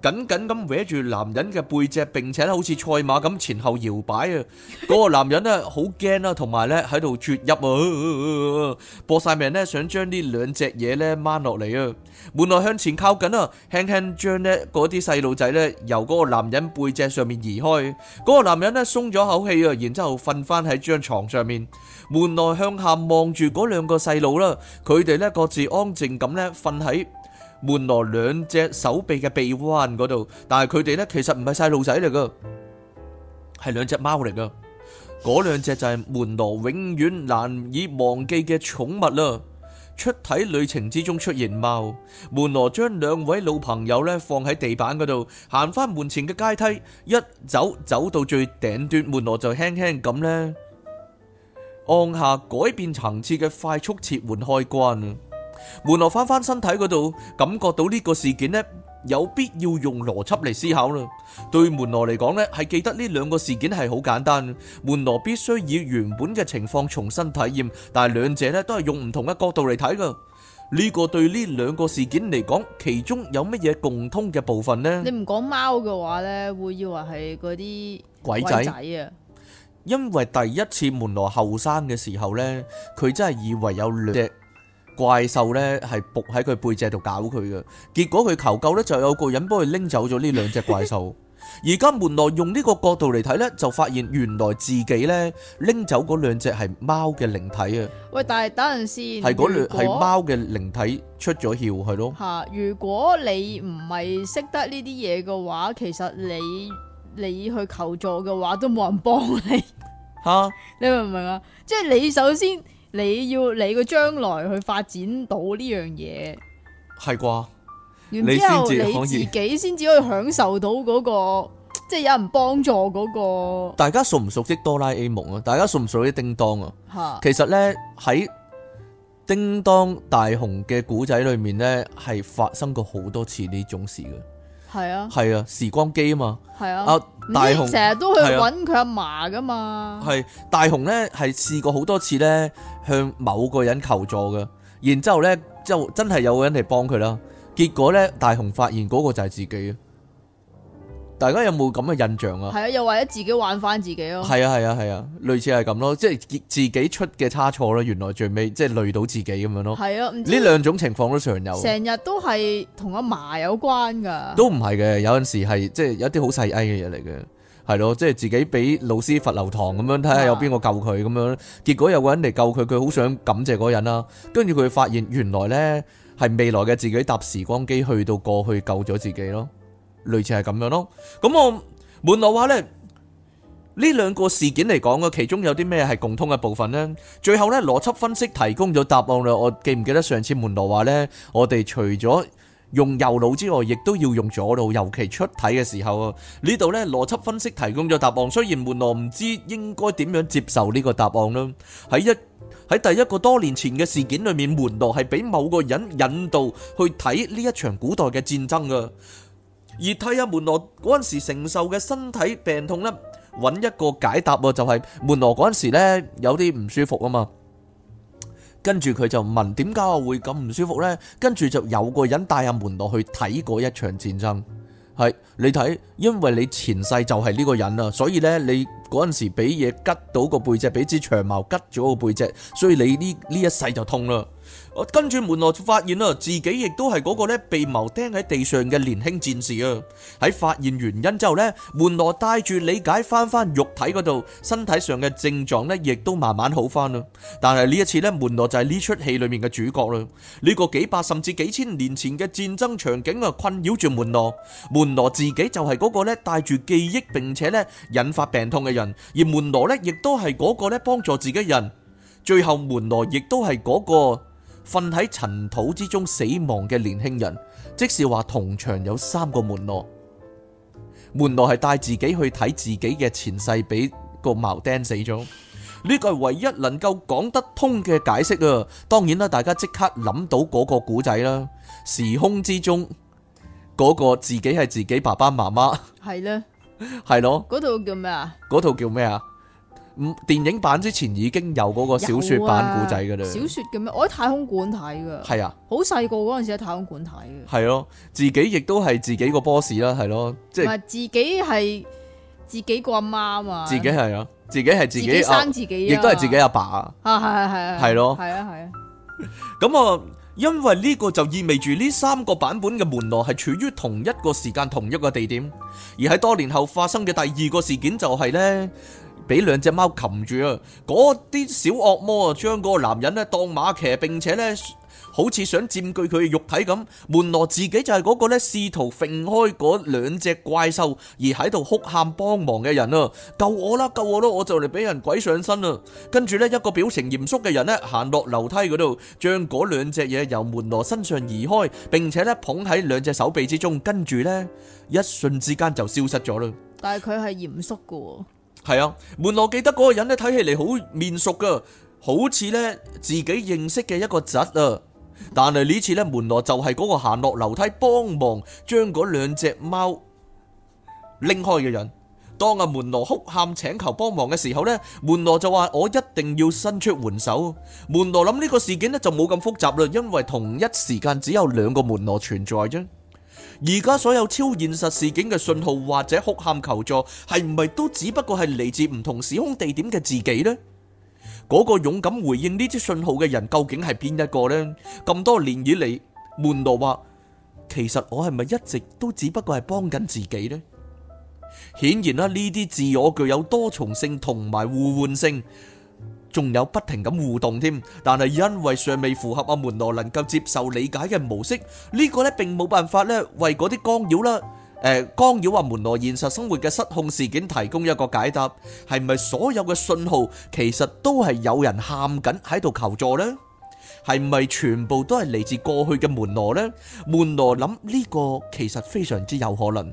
緊緊咁搣住男人嘅背脊，並且好似賽馬咁前後搖擺啊！嗰 個男人呢，好驚啊，同埋咧喺度啜泣啊，搏晒命咧想將呢兩隻嘢咧掹落嚟啊！門內向前靠近啊，輕輕將咧嗰啲細路仔咧由嗰個男人背脊上面移開。嗰、嗰個男人咧鬆咗口氣啊，然之後瞓翻喺張床上面。門內向下望住嗰兩個細路啦，佢哋咧各自安靜咁咧瞓喺門羅兩隻手臂嘅臂彎嗰度，但係佢哋呢其實唔係細路仔嚟噶，係兩隻貓嚟噶。嗰兩隻就係門羅永遠難以忘記嘅寵物啦。出體旅程之中出現貓，門羅將兩位老朋友呢放喺地板嗰度，行返門前嘅階梯，一走走到最頂端，門羅就輕輕咁呢按下改變層次嘅快速切換開關。門羅返返身體嗰度，感覺到呢個事件咧有必要用邏輯嚟思考啦。對門羅嚟講咧，係記得呢兩個事件係好簡單。門羅必須以原本嘅情況重新體驗，但係兩者咧都係用唔同嘅角度嚟睇噶。呢個對呢兩個事件嚟講，其中有乜嘢共通嘅部分呢？你唔講貓嘅話咧，會以為係嗰啲鬼仔啊。因為第一次門羅後生嘅時候咧，佢真係以為有兩。怪獸咧係伏喺佢背脊度搞佢嘅，結果佢求救咧就有個人幫佢拎走咗呢兩隻怪獸。而家門內用呢個角度嚟睇咧，就發現原來自己咧拎走嗰兩隻係貓嘅靈體啊！喂，但係等陣先，係嗰兩隻係貓嘅靈體出咗竅係咯吓？如果你唔係識得呢啲嘢嘅話，其實你你去求助嘅話都冇人幫你吓，你明唔明啊？即係你首先。你要你嘅將來去發展到呢樣嘢，係啩吧？然之後你先至可以你自己先至可以享受到嗰個 即係有人幫助嗰個大熟熟。大家熟唔熟悉哆啦 A 夢啊？大家熟唔熟悉叮噹啊？吓，其實咧喺叮噹大雄嘅古仔裏面咧，係發生過好多次呢種事嘅。係啊，係啊，時光機啊嘛。係啊。啊！大雄成日都去搵佢阿嫲噶嘛？係大雄咧，係試過好多次咧，向某個人求助噶，然之後咧，就真係有個人嚟幫佢啦。結果咧，大雄發現嗰個就係自己啊！大家有冇咁嘅印象啊？係啊，又或者自己玩翻自己咯。係啊，係啊，係啊，類似係咁咯，即係自己出嘅差錯咯。原來最尾即係累到自己咁樣咯。係啊，呢兩種情況都常有。成日都係同阿嫲有關噶。都唔係嘅，有陣時係即係有啲好細藝嘅嘢嚟嘅，係咯，即係、啊、自己俾老師罰留堂咁樣，睇下有邊個救佢咁樣。啊、結果有個人嚟救佢，佢好想感謝嗰人啦。跟住佢發現原來咧係未來嘅自己搭時光機去到過去救咗自己咯。類似係咁樣咯，咁我門羅話呢，呢兩個事件嚟講嘅，其中有啲咩係共通嘅部分呢？最後呢，邏輯分析提供咗答案啦。我記唔記得上次門羅話呢，我哋除咗用右腦之外，亦都要用左腦，尤其出體嘅時候啊。呢度呢，邏輯分析提供咗答案，雖然門羅唔知應該點樣接受呢個答案咯。喺一喺第一個多年前嘅事件裏面，門羅係俾某個人引導去睇呢一場古代嘅戰爭噶。而睇下門羅嗰陣時承受嘅身體病痛呢，搵一個解答就係、是、門羅嗰陣時呢有啲唔舒服啊嘛。跟住佢就問，點解我會咁唔舒服呢？跟住就有個人帶阿門羅去睇過一場戰爭，係你睇，因為你前世就係呢個人啦，所以呢，你嗰陣時俾嘢吉到個背脊，俾支長矛吉咗個背脊，所以你呢呢一,一世就痛啦。跟住門羅就發現啦，自己亦都係嗰個呢被謀釘喺地上嘅年輕戰士啊！喺發現原因之後呢，門羅帶住理解翻翻肉體嗰度，身體上嘅症狀呢亦都慢慢好翻啦。但係呢一次呢，門羅就係呢出戲裏面嘅主角啦。呢個幾百甚至幾千年前嘅戰爭場景啊，困擾住門羅。門羅自己就係嗰個呢帶住記憶，並且呢引發病痛嘅人，而門羅呢亦都係嗰個呢幫助自己人。最後門羅亦都係嗰個。瞓喺塵土之中死亡嘅年輕人，即是話同場有三個門路，門路係帶自己去睇自己嘅前世，俾個矛釘死咗。呢個係唯一能夠講得通嘅解釋啊！當然啦，大家即刻諗到嗰個古仔啦，時空之中嗰個自己係自己爸爸媽媽，係咧，係咯，嗰套叫咩啊？嗰套叫咩啊？電影版之前已經有嗰個小說版古仔噶啦，小說嘅咩？我喺太空館睇噶，係啊，好細個嗰陣時喺太空館睇嘅，係咯，自己亦都係自己個 boss 啦，係咯，即係，唔係自己係自己個阿媽嘛，自己係啊，自己係自己生自己，亦都係自己阿爸啊，啊，係啊，係啊，係咯，係啊，係啊，咁啊，因為呢個就意味住呢三個版本嘅門路係處於同一個時間同一個地點，而喺多年後發生嘅第二個事件就係呢。俾兩隻貓擒住啊！嗰啲小惡魔啊，將嗰個男人呢當馬騎，並且呢好似想佔據佢嘅肉體咁。門羅自己就係嗰個呢試圖揈開嗰兩隻怪獸而喺度哭喊幫忙嘅人啊！救我啦！救我咯！我就嚟俾人鬼上身啦！跟住呢，一個表情嚴肅嘅人呢行落樓梯嗰度，將嗰兩隻嘢由門羅身上移開，並且呢捧喺兩隻手臂之中，跟住呢一瞬之間就消失咗啦。但係佢係嚴肅嘅。係啊，門羅記得嗰個人咧，睇起嚟好面熟噶，好似咧自己認識嘅一個侄啊。但係呢次咧，門羅就係嗰個行落樓梯幫忙將嗰兩隻貓拎開嘅人。當阿門羅哭，哭喊請求幫忙嘅時候咧，門羅就話：我一定要伸出援手。門羅諗呢個事件呢就冇咁複雜啦，因為同一時間只有兩個門羅存在啫。而家所有超現實事件嘅信號或者哭喊求助，係唔係都只不過係嚟自唔同時空地點嘅自己呢？嗰個勇敢回應呢啲信號嘅人，究竟係邊一個呢？咁多年以嚟，門羅話：其實我係咪一直都只不過係幫緊自己呢？」顯然啦，呢啲自我具有多重性同埋互換性。仲有不停咁互動添，但係因為尚未符合阿門羅能夠接受理解嘅模式，呢個呢並冇辦法呢為嗰啲干擾啦，誒，干擾阿門羅現實生活嘅失控事件提供一個解答，係咪所有嘅信號其實都係有人喊緊喺度求助呢？係咪全部都係嚟自過去嘅門羅呢？門羅諗呢個其實非常之有可能。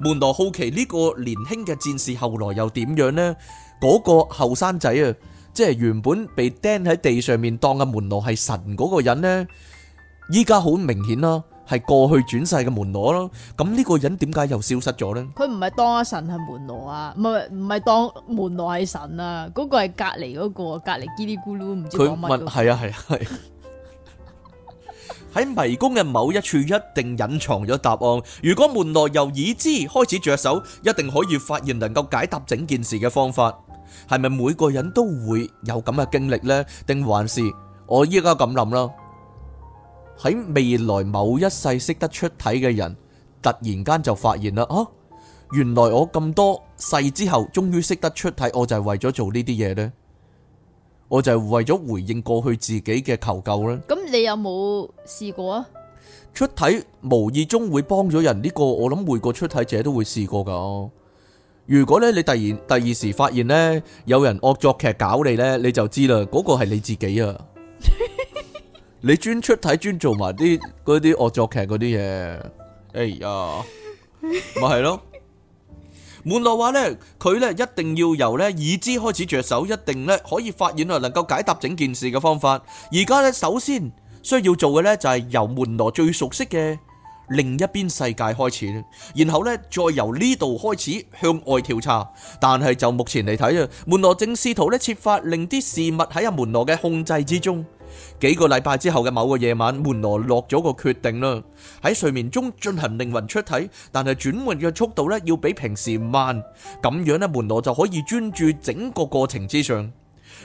門羅好奇呢個年輕嘅戰士後來又點樣呢？嗰個後生仔啊，即係原本被釘喺地上面當嘅門羅係神嗰個人呢？依家好明顯啦，係過去轉世嘅門羅咯。咁呢個人點解又消失咗呢？佢唔係當阿神係門羅啊，唔係唔係當門羅係神啊，嗰個係隔籬嗰個，隔籬嘰里咕嚕唔知佢講乜嘅。係啊係啊係。 喺迷宮嘅某一處一定隱藏咗答案。如果門內由已知開始着手，一定可以發現能夠解答整件事嘅方法。係咪每個人都會有咁嘅經歷呢？定還是我依家咁諗啦？喺未來某一世識得出體嘅人，突然間就發現啦，啊，原來我咁多世之後，終於識得出體，我就係為咗做呢啲嘢呢。我就係為咗回應過去自己嘅求救啦。咁你有冇試過啊？出體無意中會幫咗人呢個，我諗每個出體者都會試過噶。如果咧你突然第二時發現咧有人惡作劇搞你咧，你就知啦，嗰個係你自己啊！你專出體專做埋啲嗰啲惡作劇嗰啲嘢，哎呀，咪係咯。門羅話呢，佢呢一定要由呢已知開始着手，一定呢可以發現啊，能夠解答整件事嘅方法。而家呢，首先需要做嘅呢，就係由門羅最熟悉嘅另一邊世界開始，然後呢，再由呢度開始向外調查。但係就目前嚟睇啊，門羅正試圖呢設法令啲事物喺阿門羅嘅控制之中。幾個禮拜之後嘅某個夜晚，門羅落咗個決定啦，喺睡眠中進行靈魂出體，但係轉換嘅速度咧要比平時慢，咁樣咧門羅就可以專注整個過程之上。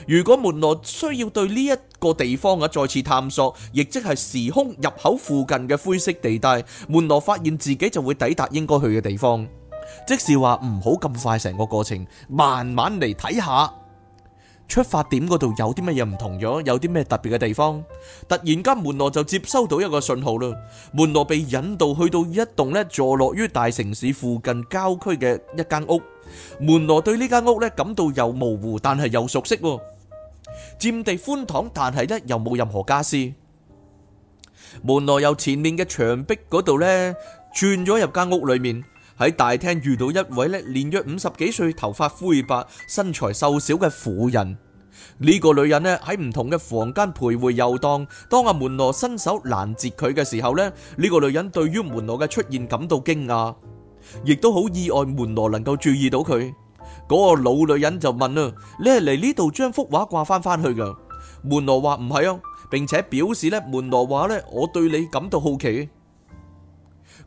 如果門羅需要對呢一個地方啊再次探索，亦即係時空入口附近嘅灰色地帶，門羅發現自己就會抵達應該去嘅地方。即是話唔好咁快成個過程，慢慢嚟睇下。出發點嗰度有啲乜嘢唔同咗？有啲咩特別嘅地方？突然間，門羅就接收到一個信號啦，門羅被引導去到一棟呢，坐落於大城市附近郊區嘅一間屋。門羅對呢間屋呢感到又模糊，但係又熟悉，佔地寬敞，但係呢又冇任何家私。門羅由前面嘅牆壁嗰度呢轉咗入間屋裏面。喺大廳遇到一位咧年約五十幾歲、頭髮灰白、身材瘦小嘅婦人。呢個女人呢喺唔同嘅房間徘徊遊蕩。當阿門羅伸手攔截佢嘅時候呢，呢個女人對於門羅嘅出現感到驚訝，亦都好意外門羅能夠注意到佢。嗰個老女人就問啦：你係嚟呢度將幅畫掛翻翻去噶？門羅話唔係啊，並且表示咧，門羅話咧，我對你感到好奇。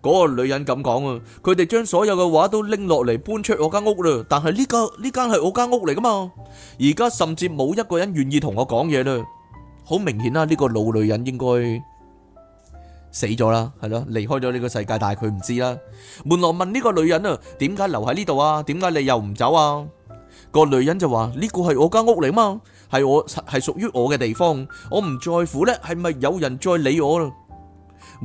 嗰個女人咁講啊，佢哋將所有嘅話都拎落嚟搬出我間屋啦。但係呢個呢間係我間屋嚟噶嘛？而家甚至冇一個人願意同我講嘢啦。好明顯啦，呢個老女人應該死咗啦，係啦，離開咗呢個世界，但係佢唔知啦。門羅問呢個女人啊，點解留喺呢度啊？點解你又唔走啊？個女人就話：呢個係我間屋嚟啊嘛，係我係屬於我嘅地方，我唔在乎呢，係咪有人再理我啦？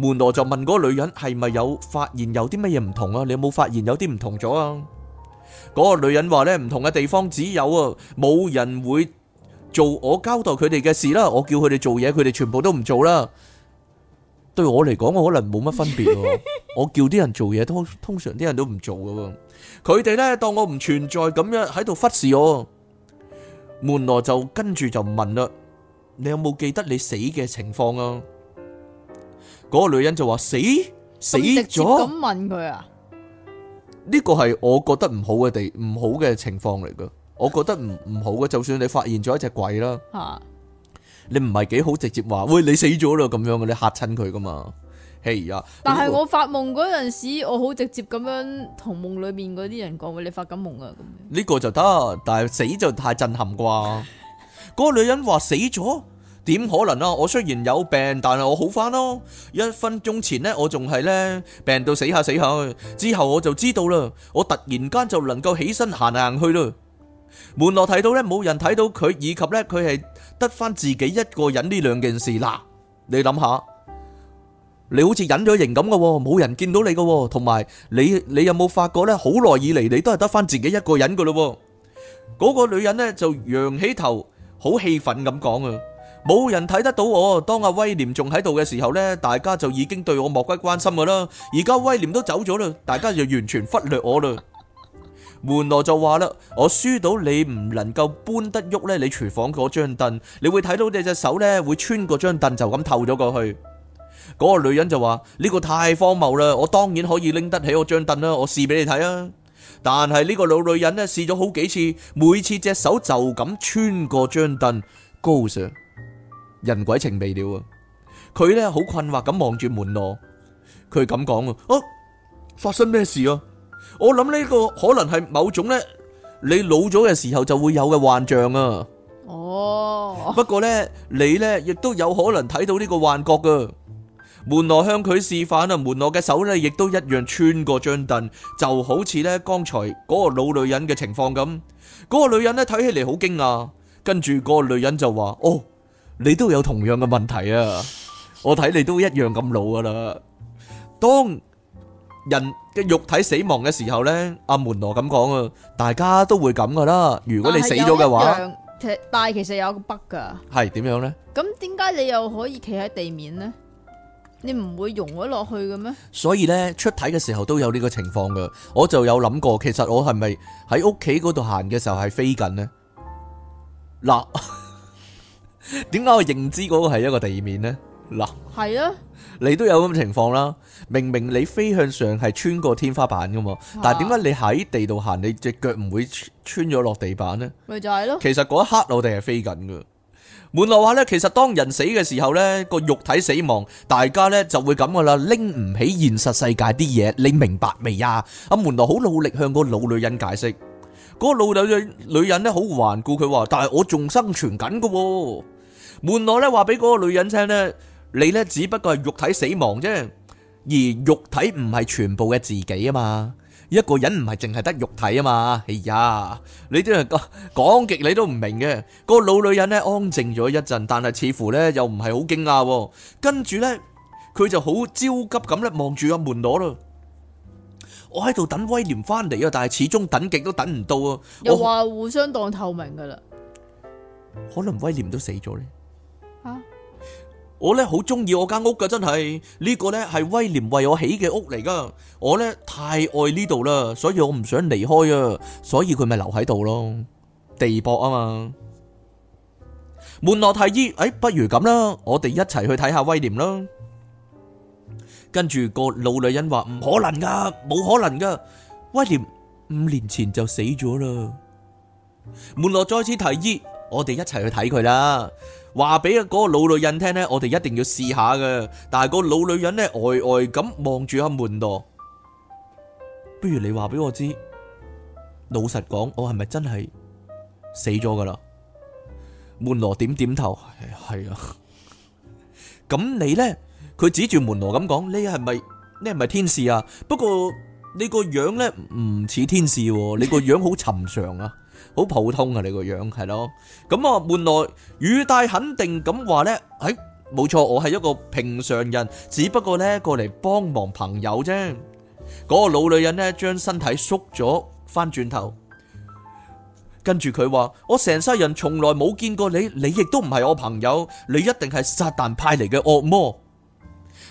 門羅就問嗰個女人係咪有發現有啲乜嘢唔同啊？你有冇發現有啲唔同咗啊？嗰個女人話呢，唔同嘅地方只有啊，冇人會做我交代佢哋嘅事啦。我叫佢哋做嘢，佢哋全部都唔做啦。對我嚟講，我可能冇乜分別。我叫啲人做嘢，通通常啲人都唔做噶。佢哋呢，當我唔存在咁樣喺度忽視我。門羅就跟住就問啦，你有冇記得你死嘅情況啊？嗰個女人就話死死咗，咁問佢啊？呢個係我覺得唔好嘅地，唔好嘅情況嚟噶。我覺得唔唔 好嘅，就算你發現咗一隻鬼 啦，你唔係幾好直接話，喂你死咗啦咁樣嘅，你吓親佢噶嘛？係啊，但係我發夢嗰陣時，我好直接咁樣同夢裏面嗰啲人講，喂你發緊夢啊咁。呢個就得，但係死就太震撼啩。嗰 個女人話死咗。點可能啊！我雖然有病，但係我好翻咯。一分鐘前呢，我仲係呢，病到死下死下，之後我就知道啦。我突然間就能夠起身行行去啦。門羅睇到呢，冇人睇到佢，以及呢，佢係得翻自己一個人呢兩件事。嗱、啊，你諗下，你好似隱咗形咁噶，冇人見到你噶，同埋你你有冇發覺呢？好耐以嚟，你都係得翻自己一個人噶咯。嗰、嗰個女人呢，就揚起頭，好氣憤咁講啊！冇人睇得到我，當阿威廉仲喺度嘅時候咧，大家就已經對我漠不關心噶啦。而家威廉都走咗啦，大家就完全忽略我啦。門羅就話啦：我輸到你唔能夠搬得喐咧，你廚房嗰張凳，你會睇到你隻手咧會穿過張凳就咁透咗過去。嗰個女人就話：呢個太荒謬啦，我當然可以拎得起我張凳啦，我試俾你睇啊。但係呢個老女人咧試咗好幾次，每次隻手就咁穿過張凳，高 Sir。人鬼情未了啊！佢呢好困惑咁望住門羅，佢咁講啊：哦，發生咩事啊？我諗呢個可能係某種呢，你老咗嘅時候就會有嘅幻象啊！哦，不過呢，你呢亦都有可能睇到呢個幻覺噶。門羅向佢示範啊，門羅嘅手呢亦都一樣穿過張凳，就好似呢剛才嗰個老女人嘅情況咁。嗰個女人呢睇起嚟好驚訝，跟住嗰個女人就話：，哦。你都有同樣嘅問題啊！我睇你都一樣咁老噶啦。當人嘅肉體死亡嘅時候呢，阿門羅咁講啊，大家都會咁噶啦。如果你死咗嘅話，其實但係其實有個筆噶。係點樣呢？咁點解你又可以企喺地面呢？你唔會融咗落去嘅咩？所以呢，出體嘅時候都有呢個情況㗎。我就有諗過，其實我係咪喺屋企嗰度行嘅時候係飛緊呢？嗱。點解我認知嗰個係一個地面呢？嗱，係啊的，你都有咁嘅情況啦。明明你飛向上係穿過天花板噶嘛，但係點解你喺地度行，你隻腳唔會穿咗落地板呢？咪就係咯。其實嗰一刻我哋係飛緊噶。門羅話咧，其實當人死嘅時候咧，那個肉體死亡，大家咧就會咁噶啦，拎唔起現實世界啲嘢。你明白未啊？阿門羅好努力向個老女人解釋。嗰個老豆嘅女人咧好頑固，佢話：但係我仲生存緊噶。門羅咧話俾嗰個女人聽咧，你咧只不過係肉體死亡啫，而肉體唔係全部嘅自己啊嘛。一個人唔係淨係得肉體啊嘛。哎呀，你真係講極你都唔明嘅。個老女人咧安靜咗一陣，但係似乎咧又唔係好驚訝。跟住咧，佢就好焦急咁咧望住阿門羅囉。我喺度等威廉翻嚟啊，但係始終等極都等唔到啊！又話互相當透明噶啦，可能威廉都死咗咧。啊！我咧好中意我間屋噶，真係。呢個咧係威廉為我起嘅屋嚟噶。我咧太愛呢度啦，所以我唔想離開啊，所以佢咪留喺度咯。地薄啊嘛，門羅提議，哎，不如咁啦，我哋一齊去睇下威廉啦。跟住個老女人話唔可能噶，冇可能噶，威廉五年前就死咗啦。門羅再次提議，我哋一齊去睇佢啦。話俾個嗰個老女人聽呢，我哋一定要試下噶。但係個老女人呢，呆呆咁望住阿門羅。不如你話俾我知，老實講，我係咪真係死咗噶啦？門羅點點頭，係啊。咁 你呢？」佢指住門羅咁講：你係咪你係咪天使啊？不過你個樣咧唔似天使，你個樣好尋常啊，好普通啊！你個樣係咯。咁啊，門羅語帶肯定咁話咧：哎，冇錯，我係一個平常人，只不過咧過嚟幫忙朋友啫。嗰個老女人咧將身體縮咗翻轉頭，跟住佢話：我成世人從來冇見過你，你亦都唔係我朋友，你一定係撒旦派嚟嘅惡魔。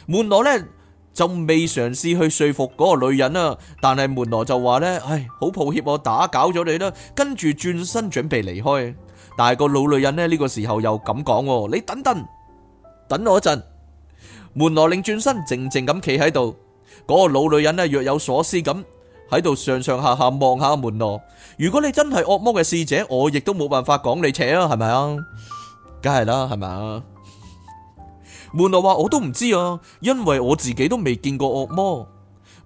門羅呢就未嘗試去說服嗰個女人啊，但係門羅就話呢：「唉，好抱歉我打攪咗你啦。跟住轉身準備離開，但係個老女人呢，呢個時候又咁講，你等等，等我一陣。門羅擰轉身靜靜咁企喺度，嗰個老女人呢，若有所思咁喺度上上下下望下門羅。如果你真係惡魔嘅使者，我亦都冇辦法講你邪啊，係咪啊？梗係啦，係咪啊？門羅話：我都唔知啊，因為我自己都未見過惡魔。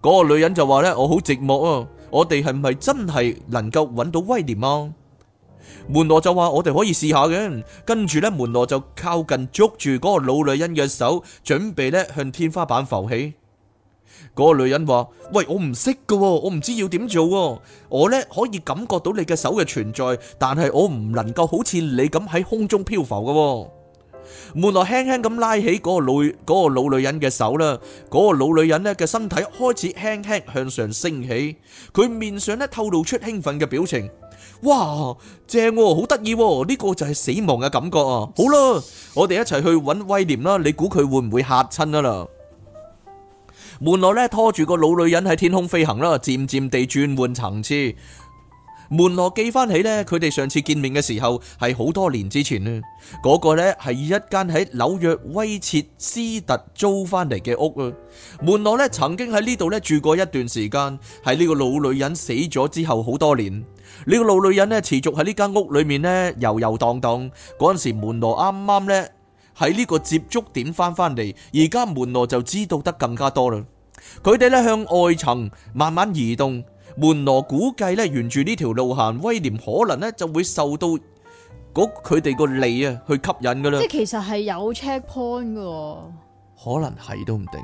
嗰個女人就話呢，我好寂寞啊，我哋係咪真係能夠揾到威廉啊？門羅就話：我哋可以試下嘅。跟住呢，門羅就靠近捉住嗰個老女人嘅手，準備呢向天花板浮起。嗰個女人話：喂，我唔識噶，我唔知要點做。我呢可以感覺到你嘅手嘅存在，但係我唔能夠好似你咁喺空中漂浮噶。門內輕輕咁拉起嗰個老、嗰個老女人嘅手啦，嗰、嗰個老女人咧嘅身體開始輕輕向上升起，佢面上咧透露出興奮嘅表情。哇，正、啊，好得意、啊，呢、呢個就係死亡嘅感覺啊！好啦，我哋一齊去揾威廉啦，你估佢會唔會吓親啊啦？ 門內咧拖住個老女人喺天空飛行啦，漸漸地轉換層次。門羅記翻起呢，佢哋上次見面嘅時候係好多年之前啦。嗰個呢係一間喺紐約威切斯特租翻嚟嘅屋啊。門羅咧曾經喺呢度咧住過一段時間，喺呢個老女人死咗之後好多年。呢個老女人咧持續喺呢間屋裏面呢遊游蕩蕩。嗰陣時門羅啱啱呢喺呢個接觸點翻返嚟，而家門羅就知道得更加多啦。佢哋呢向外層慢慢移動。門羅估計咧，沿住呢條路行，威廉可能咧就會受到嗰佢哋個力啊去吸引噶啦。即係其實係有 check point 嘅喎。可能係都唔定，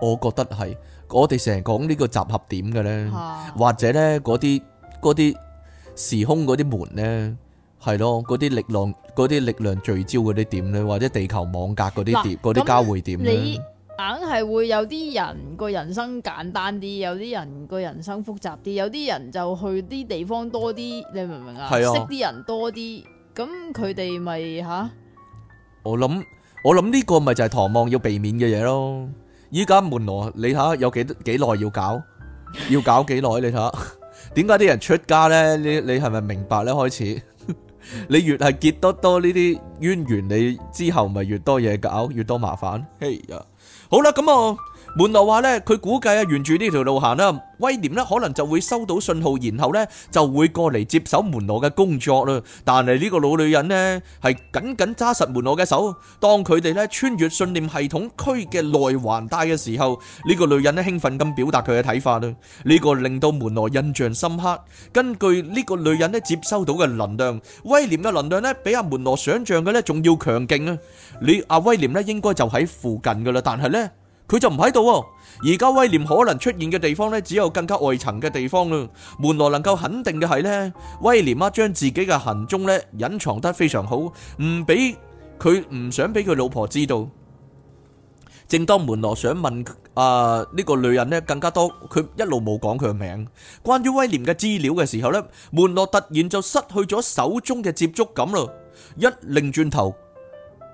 我覺得係。我哋成日講呢個集合點嘅咧，或者咧嗰啲嗰啲時空嗰啲門咧，係咯，嗰啲力量嗰啲力量聚焦嗰啲點咧，或者地球網格嗰啲點嗰啲交匯點咧。硬係會有啲人個人生簡單啲，有啲人個人生複雜啲，有啲人就去啲地方多啲，你明唔明啊？是哦、識啲人多啲，咁佢哋咪吓？我諗我諗呢個咪就係唐望要避免嘅嘢咯。依家門羅，你下有幾幾耐要搞？ 要搞幾耐？你睇下，點解啲人出家咧？你你係咪明白咧？開始？ 你越係結得多呢啲淵源，你之後咪越多嘢搞，越多麻煩。嘿呀、hey, yeah.，好啦，咁我。門羅話呢，佢估計啊，沿住呢條路行啦，威廉呢可能就會收到信號，然後呢就會過嚟接手門羅嘅工作啦。但係呢個老女人呢係緊緊揸實門羅嘅手。當佢哋呢穿越信念系統區嘅內環帶嘅時候，呢個女人呢興奮咁表達佢嘅睇法啦。呢個令到門羅印象深刻。根據呢個女人呢接收到嘅能量，威廉嘅能量呢比阿門羅想象嘅呢仲要強勁啊！你阿威廉呢應該就喺附近噶啦，但係呢。佢就唔喺度，而家威廉可能出現嘅地方呢，只有更加外層嘅地方啦。門羅能夠肯定嘅係呢，威廉啊將自己嘅行蹤呢隱藏得非常好，唔俾佢唔想俾佢老婆知道。正當門羅想問啊呢個女人呢更加多，佢一路冇講佢嘅名。關於威廉嘅資料嘅時候呢，門羅突然就失去咗手中嘅接觸感啦，一擰轉頭。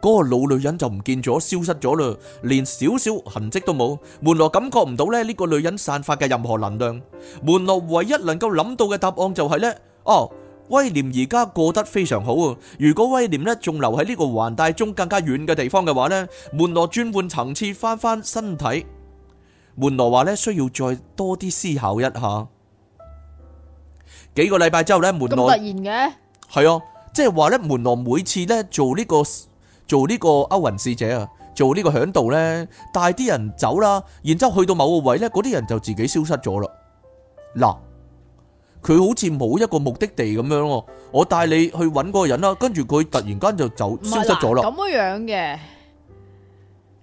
嗰個老女人就唔見咗，消失咗啦，連少少痕跡都冇。門羅感覺唔到咧，呢個女人散發嘅任何能量。門羅唯一能夠諗到嘅答案就係咧，哦，威廉而家過得非常好啊。如果威廉咧仲留喺呢個環帶中更加遠嘅地方嘅話咧，門羅轉換層次返返身體。門羅話咧，需要再多啲思考一下。幾個禮拜之後咧，門羅咁突然嘅係啊，即係話咧，門羅每次咧做呢個。做呢個歐雲使者啊，做呢個響度咧，帶啲人走啦，然之後去到某個位咧，嗰啲人就自己消失咗啦。嗱，佢好似冇一個目的地咁樣哦。我帶你去搵嗰個人啦，跟住佢突然間就走消失咗啦。咁樣嘅，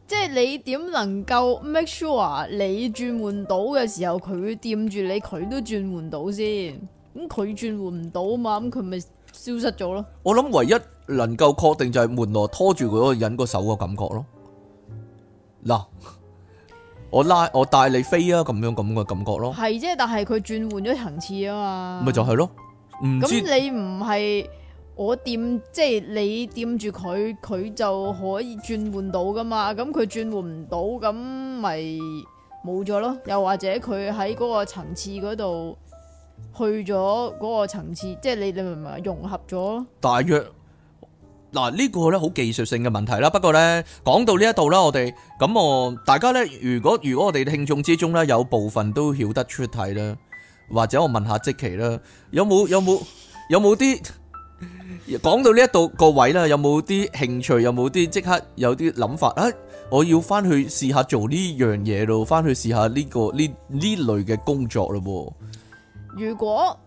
即係你點能夠 make sure 你轉換到嘅時候，佢掂住你，佢都轉換到先。咁佢轉換唔到啊嘛，咁佢咪消失咗咯。我諗唯一。能夠確定就係門羅拖住佢個人個手個感覺咯。嗱，我拉我帶你飛啊，咁樣咁嘅感覺咯。係啫，但係佢轉換咗層次啊嘛。咪就係咯，唔咁你唔係我掂，即係你掂住佢，佢就可以轉換到噶嘛。咁佢轉換唔到，咁咪冇咗咯。又或者佢喺嗰個層次嗰度去咗嗰個層次，即係你你明唔明融合咗，大約。嗱，呢個咧好技術性嘅問題啦，不過咧講到呢一度啦，我哋咁我大家咧，如果如果我哋聽眾之中咧有部分都曉得出睇啦，或者我問下即期啦，有冇有冇有冇啲講到呢一度各位咧，有冇啲興趣，有冇啲即刻有啲諗法啊？我要翻去試下做呢樣嘢咯，翻去試下呢、這個呢呢類嘅工作咯喎。如果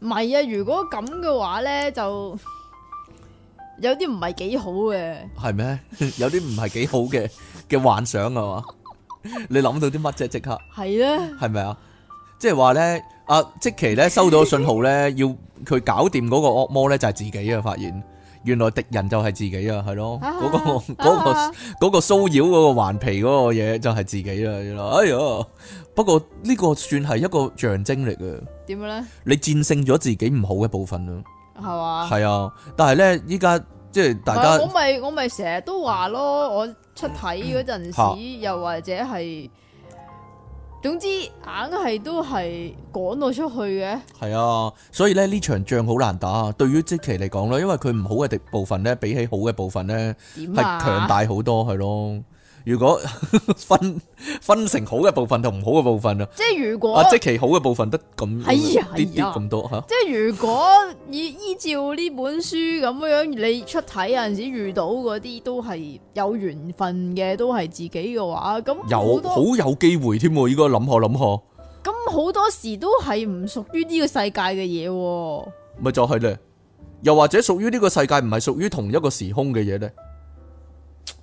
唔係啊，如果咁嘅話咧就。有啲唔係幾好嘅是嗎，係 咩？有啲唔係幾好嘅嘅幻想啊嘛？ 你諗到啲乜啫？即刻係咧，係咪呢、就是、啊？即係話咧，阿即其咧收到個信號咧， 要佢搞掂嗰個惡魔咧，就係自己啊！發現原來敵人就係自己啊，係咯？嗰、 嗰個、嗰個、嗰個騷擾嗰個頑皮嗰個嘢就係自己啊！哎呀，不過呢個算係一個象徵嚟嘅，點咧？你戰勝咗自己唔好嘅部分咯。係嘛？係啊，但係咧，依家即係大家，我咪我咪成日都話咯，我出體嗰陣時， 又或者係，總之硬係都係趕到出去嘅。係啊， 所以咧呢場仗好難打，對於即期嚟講咧，因為佢唔好嘅部分咧，比起好嘅部分咧，係強樣大好多，係咯。如果分分成好嘅部分同唔好嘅部分啊，即係如果即係其好嘅部分得咁啲啲咁多吓。即係如果依依照呢本書咁樣樣， 你出體有陣時遇到嗰啲都係有緣分嘅，都係自己嘅話，咁有好有機會添。應該諗下諗下，咁好多時都係唔屬於呢個世界嘅嘢，啊，咪就係咧？又或者屬於呢個世界，唔係屬於同一個時空嘅嘢咧？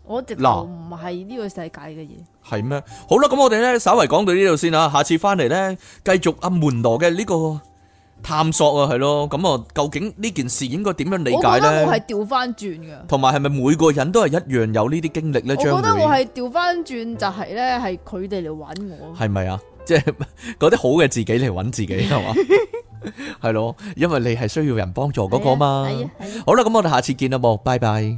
我直頭唔係呢個世界嘅嘢，係咩？好啦，咁我哋咧稍為講到呢度先啊，下次翻嚟咧繼續阿門羅嘅呢個探索啊，係咯，咁啊究竟呢件事應該點樣理解咧？我覺得我係調翻轉嘅，同埋係咪每個人都係一樣有歷呢啲經歷咧？我覺得我係調翻轉，就係咧係佢哋嚟揾我，係咪啊？即係嗰啲好嘅自己嚟揾自己係嘛？係 咯，因為你係需要人幫助嗰個嘛。啊啊啊、好啦，咁我哋下次見啦，噃，拜拜。